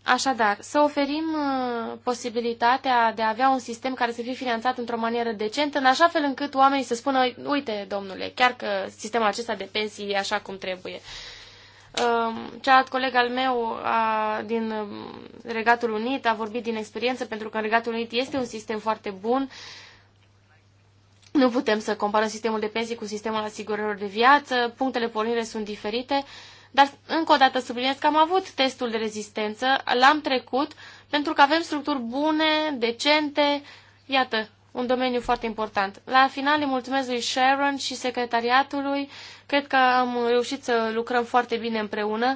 Așadar, să oferim uh, posibilitatea de a avea un sistem care să fie finanțat într-o manieră decentă, în așa fel încât oamenii să spună, uite, domnule, chiar că sistemul acesta de pensii e așa cum trebuie. Um, Cealalt coleg al meu a, din um, Regatul Unit a vorbit din experiență, pentru că Regatul Unit este un sistem foarte bun. Nu putem să comparăm sistemul de pensii cu sistemul asigurărilor de viață, punctele pornire sunt diferite, dar, încă o dată subliniez că am avut testul de rezistență, l-am trecut, pentru că avem structuri bune, decente, iată, un domeniu foarte important. La final îi mulțumesc lui Sharon și secretariatului. Cred că am reușit să lucrăm foarte bine împreună.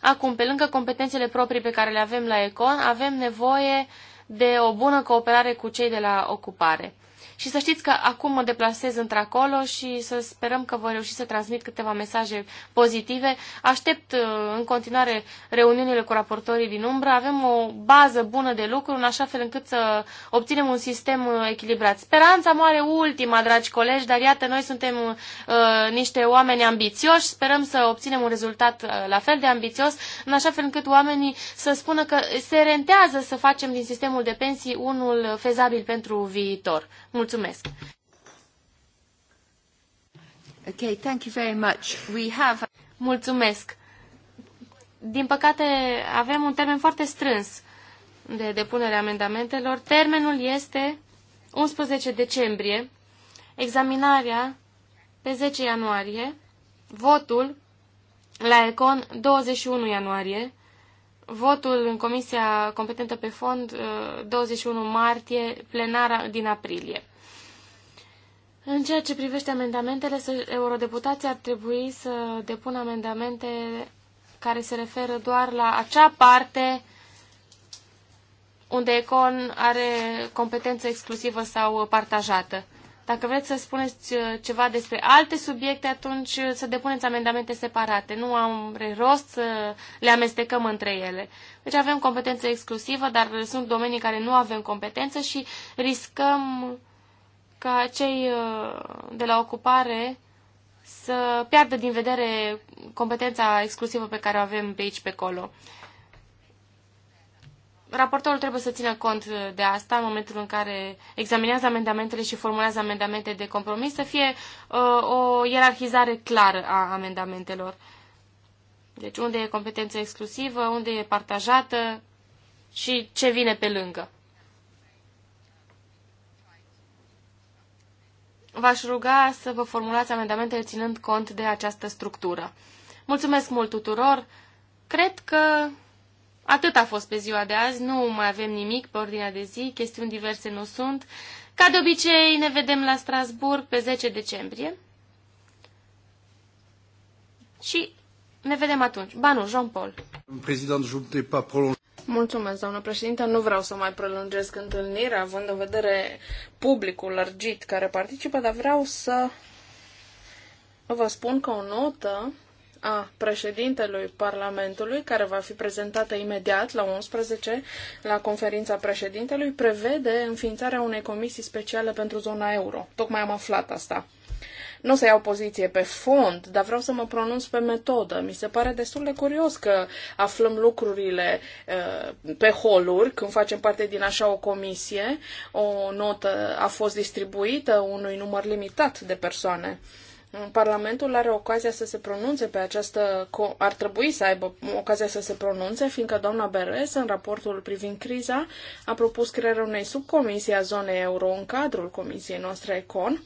Acum, pe lângă competențele proprii pe care le avem la ECON, avem nevoie de o bună cooperare cu cei de la ocupare. Și să știți că acum mă deplasez într-acolo și să sperăm că voi reuși să transmit câteva mesaje pozitive. Aștept uh, în continuare reuniunile cu raportorii din umbră. Avem o bază bună de lucru în așa fel încât să obținem un sistem uh, echilibrat. Speranța moare ultima, dragi colegi, dar iată, noi suntem uh, niște oameni ambițioși. Sperăm să obținem un rezultat uh, la fel de ambițios, în așa fel încât oamenii să spună că se rentează să facem din sistemul de pensii unul fezabil pentru viitor. Mulțumesc! Okay, thank you very much. We have... Mulțumesc! Din păcate, avem un termen foarte strâns de depunere a amendamentelor. Termenul este 11 decembrie, examinarea pe 10 ianuarie, votul la ECON 21 ianuarie, Votul în comisia competentă pe fond, 21 uh, martie, plenara din aprilie. În ceea ce privește amendamentele, eurodeputații ar trebui să depună amendamente care se referă doar la acea parte unde Econ are competență exclusivă sau partajată. Dacă vreți să spuneți uh, ceva despre alte subiecte, atunci uh, să depuneți amendamente separate. Nu am rost să le amestecăm între ele. Deci avem competență exclusivă, dar sunt domenii care nu avem competență și riscăm ca cei uh, de la ocupare să piardă din vedere competența exclusivă pe care o avem pe aici, pe acolo raportorul trebuie să țină cont de asta în momentul în care examinează amendamentele și formulează amendamente de compromis, să fie uh, o ierarhizare clară a amendamentelor. Deci unde e competența exclusivă, unde e partajată și ce vine pe lângă. V-aș ruga să vă formulați amendamentele ținând cont de această structură. Mulțumesc mult tuturor! Cred că Atât a fost pe ziua de azi, nu mai avem nimic pe ordinea de zi, chestiuni diverse nu sunt. Ca de obicei, ne vedem la Strasburg pe 10 decembrie. Și ne vedem atunci. Ba nu, Jean-Paul. Mulțumesc, doamnă președinte. Nu vreau să mai prelungesc întâlnirea, având în vedere publicul lărgit care participă, dar vreau să vă spun că o notă a președintelui Parlamentului, care va fi prezentată imediat la 11 la conferința președintelui, prevede înființarea unei comisii speciale pentru zona euro. Tocmai am aflat asta. Nu o să iau poziție pe fond, dar vreau să mă pronunț pe metodă. Mi se pare destul de curios că aflăm lucrurile uh, pe holuri când facem parte din așa o comisie. O notă a fost distribuită unui număr limitat de persoane. Uh, Parlamentul are ocazia să se pronunțe pe această, ar trebui să aibă ocazia să se pronunțe, fiindcă doamna Beres, în raportul privind criza, a propus crearea unei subcomisii a zonei euro în cadrul comisiei noastre ECON,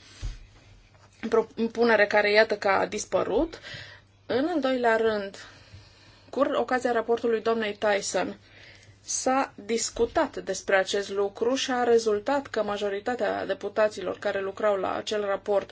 propunere care iată că a dispărut. În al doilea rând, cu ocazia raportului doamnei Tyson, s-a discutat despre acest lucru și a rezultat că majoritatea deputaților care lucrau la acel raport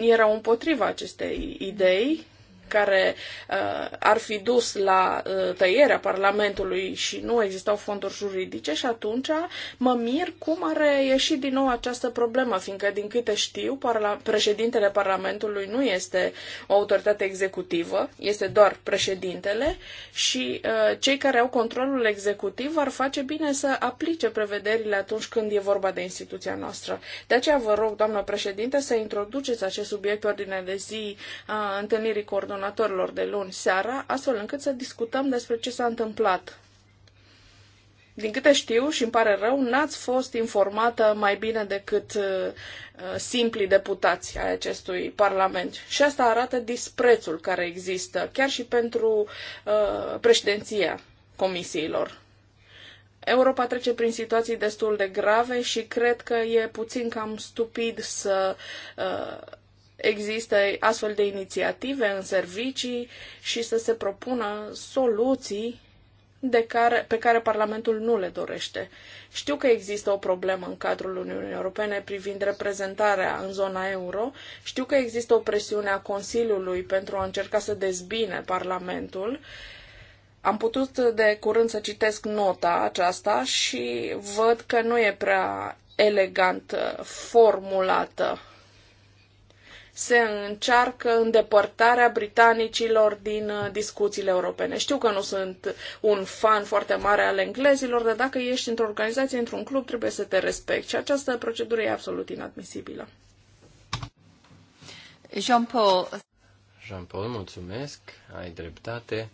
erau împotriva acestei idei care uh, ar fi dus la uh, tăierea Parlamentului și nu existau fonduri juridice și atunci mă mir cum are ieșit din nou această problemă, fiindcă din câte știu, parla- președintele Parlamentului nu este o autoritate executivă, este doar președintele și uh, cei care au controlul executiv ar face bine să aplice prevederile atunci când e vorba de instituția noastră. De aceea vă rog, doamnă președinte, să introduceți acest subiect ordine de zi a întâlnirii coordonate donatorilor de luni seara, astfel încât să discutăm despre ce s-a întâmplat. Din câte știu și îmi pare rău, n-ați fost informată mai bine decât uh, uh, simpli deputați ai acestui Parlament. Și asta arată disprețul care există, chiar și pentru uh, președinția comisiilor. Europa trece prin situații destul de grave și cred că e puțin cam stupid să uh, există astfel de inițiative în servicii și să se propună soluții de care, pe care Parlamentul nu le dorește. Știu că există o problemă în cadrul Uniunii Europene privind reprezentarea în zona euro, știu că există o presiune a Consiliului pentru a încerca să dezbine Parlamentul. Am putut de curând să citesc nota aceasta și văd că nu e prea elegant uh, formulată se încearcă îndepărtarea britanicilor din uh, discuțiile europene. Știu că nu sunt un fan foarte mare al englezilor, dar dacă ești într-o organizație, într-un club, trebuie să te respecti. Și această procedură e absolut inadmisibilă. Jean-Paul. Jean-Paul, mulțumesc. Ai dreptate.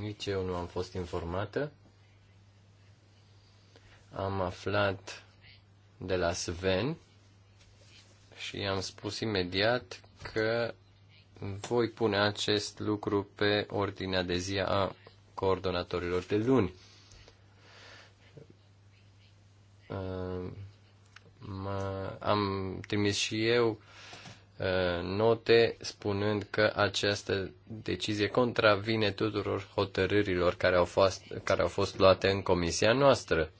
Nici eu nu am fost informată. Am aflat de la Sven și am spus imediat că voi pune acest lucru pe ordinea de zi a coordonatorilor de luni. Uh, am trimis și eu uh, note spunând că această decizie contravine tuturor hotărârilor care au fost, care au fost luate în comisia noastră.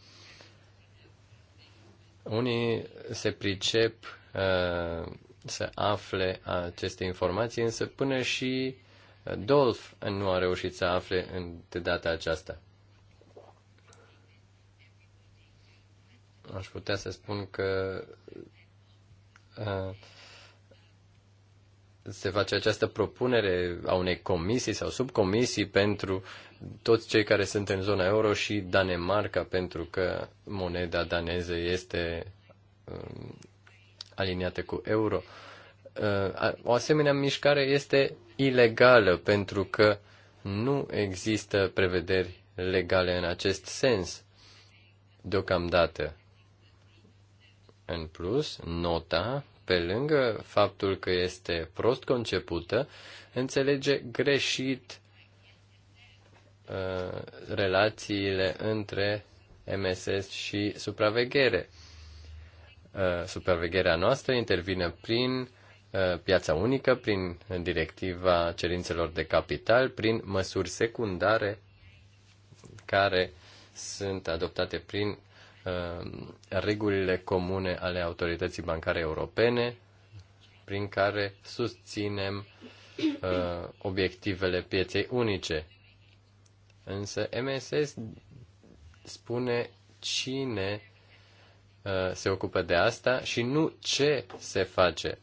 Unii se pricep Uh, să afle aceste informații, însă până și uh, Dolph nu a reușit să afle de data aceasta. Aș putea să spun că uh, se face această propunere a unei comisii sau subcomisii pentru toți cei care sunt în zona euro și Danemarca, pentru că moneda daneză este um, aliniate cu euro. Uh, o asemenea mișcare este ilegală pentru că nu există prevederi legale în acest sens deocamdată. În plus, nota, pe lângă faptul că este prost concepută, înțelege greșit uh, relațiile între MSS și supraveghere. Uh, supravegherea noastră intervine prin uh, piața unică, prin directiva cerințelor de capital, prin măsuri secundare care sunt adoptate prin uh, regulile comune ale autorității bancare europene, prin care susținem obiectivele pieței unice. Însă MSS spune cine Uh, se ocupă de asta și nu ce se face.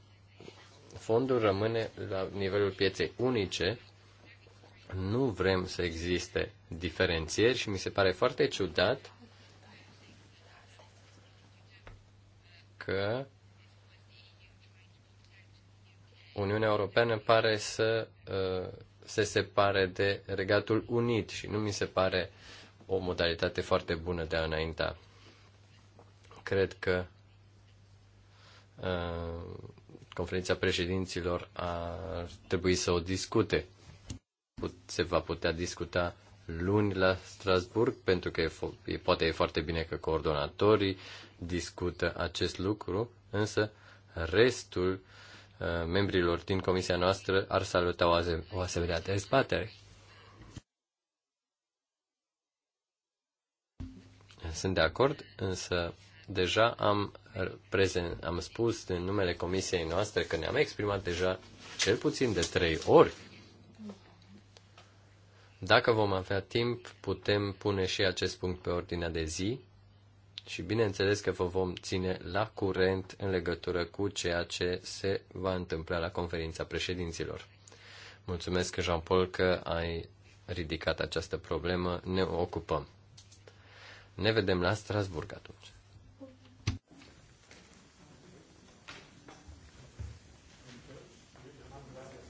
Fondul rămâne la nivelul pieței unice. Nu vrem să existe diferențieri și mi se pare foarte ciudat că Uniunea Europeană pare să uh, se separe de Regatul Unit și nu mi se pare o modalitate foarte bună de a înainta. Cred că uh, conferința președinților ar trebui să o discute. Se va putea discuta luni la Strasburg, pentru că e, poate e foarte bine că coordonatorii discută acest lucru, însă restul uh, membrilor din comisia noastră ar saluta o, aze- o asemenea dezbatere. Sunt de acord, însă deja am, prezent, am spus în numele comisiei noastre că ne-am exprimat deja cel puțin de trei ori. Dacă vom avea timp, putem pune și acest punct pe ordinea de zi și bineînțeles că vă vom ține la curent în legătură cu ceea ce se va întâmpla la conferința președinților. Mulțumesc, Jean-Paul, că ai ridicat această problemă. Ne ocupăm. Ne vedem la Strasburg atunci.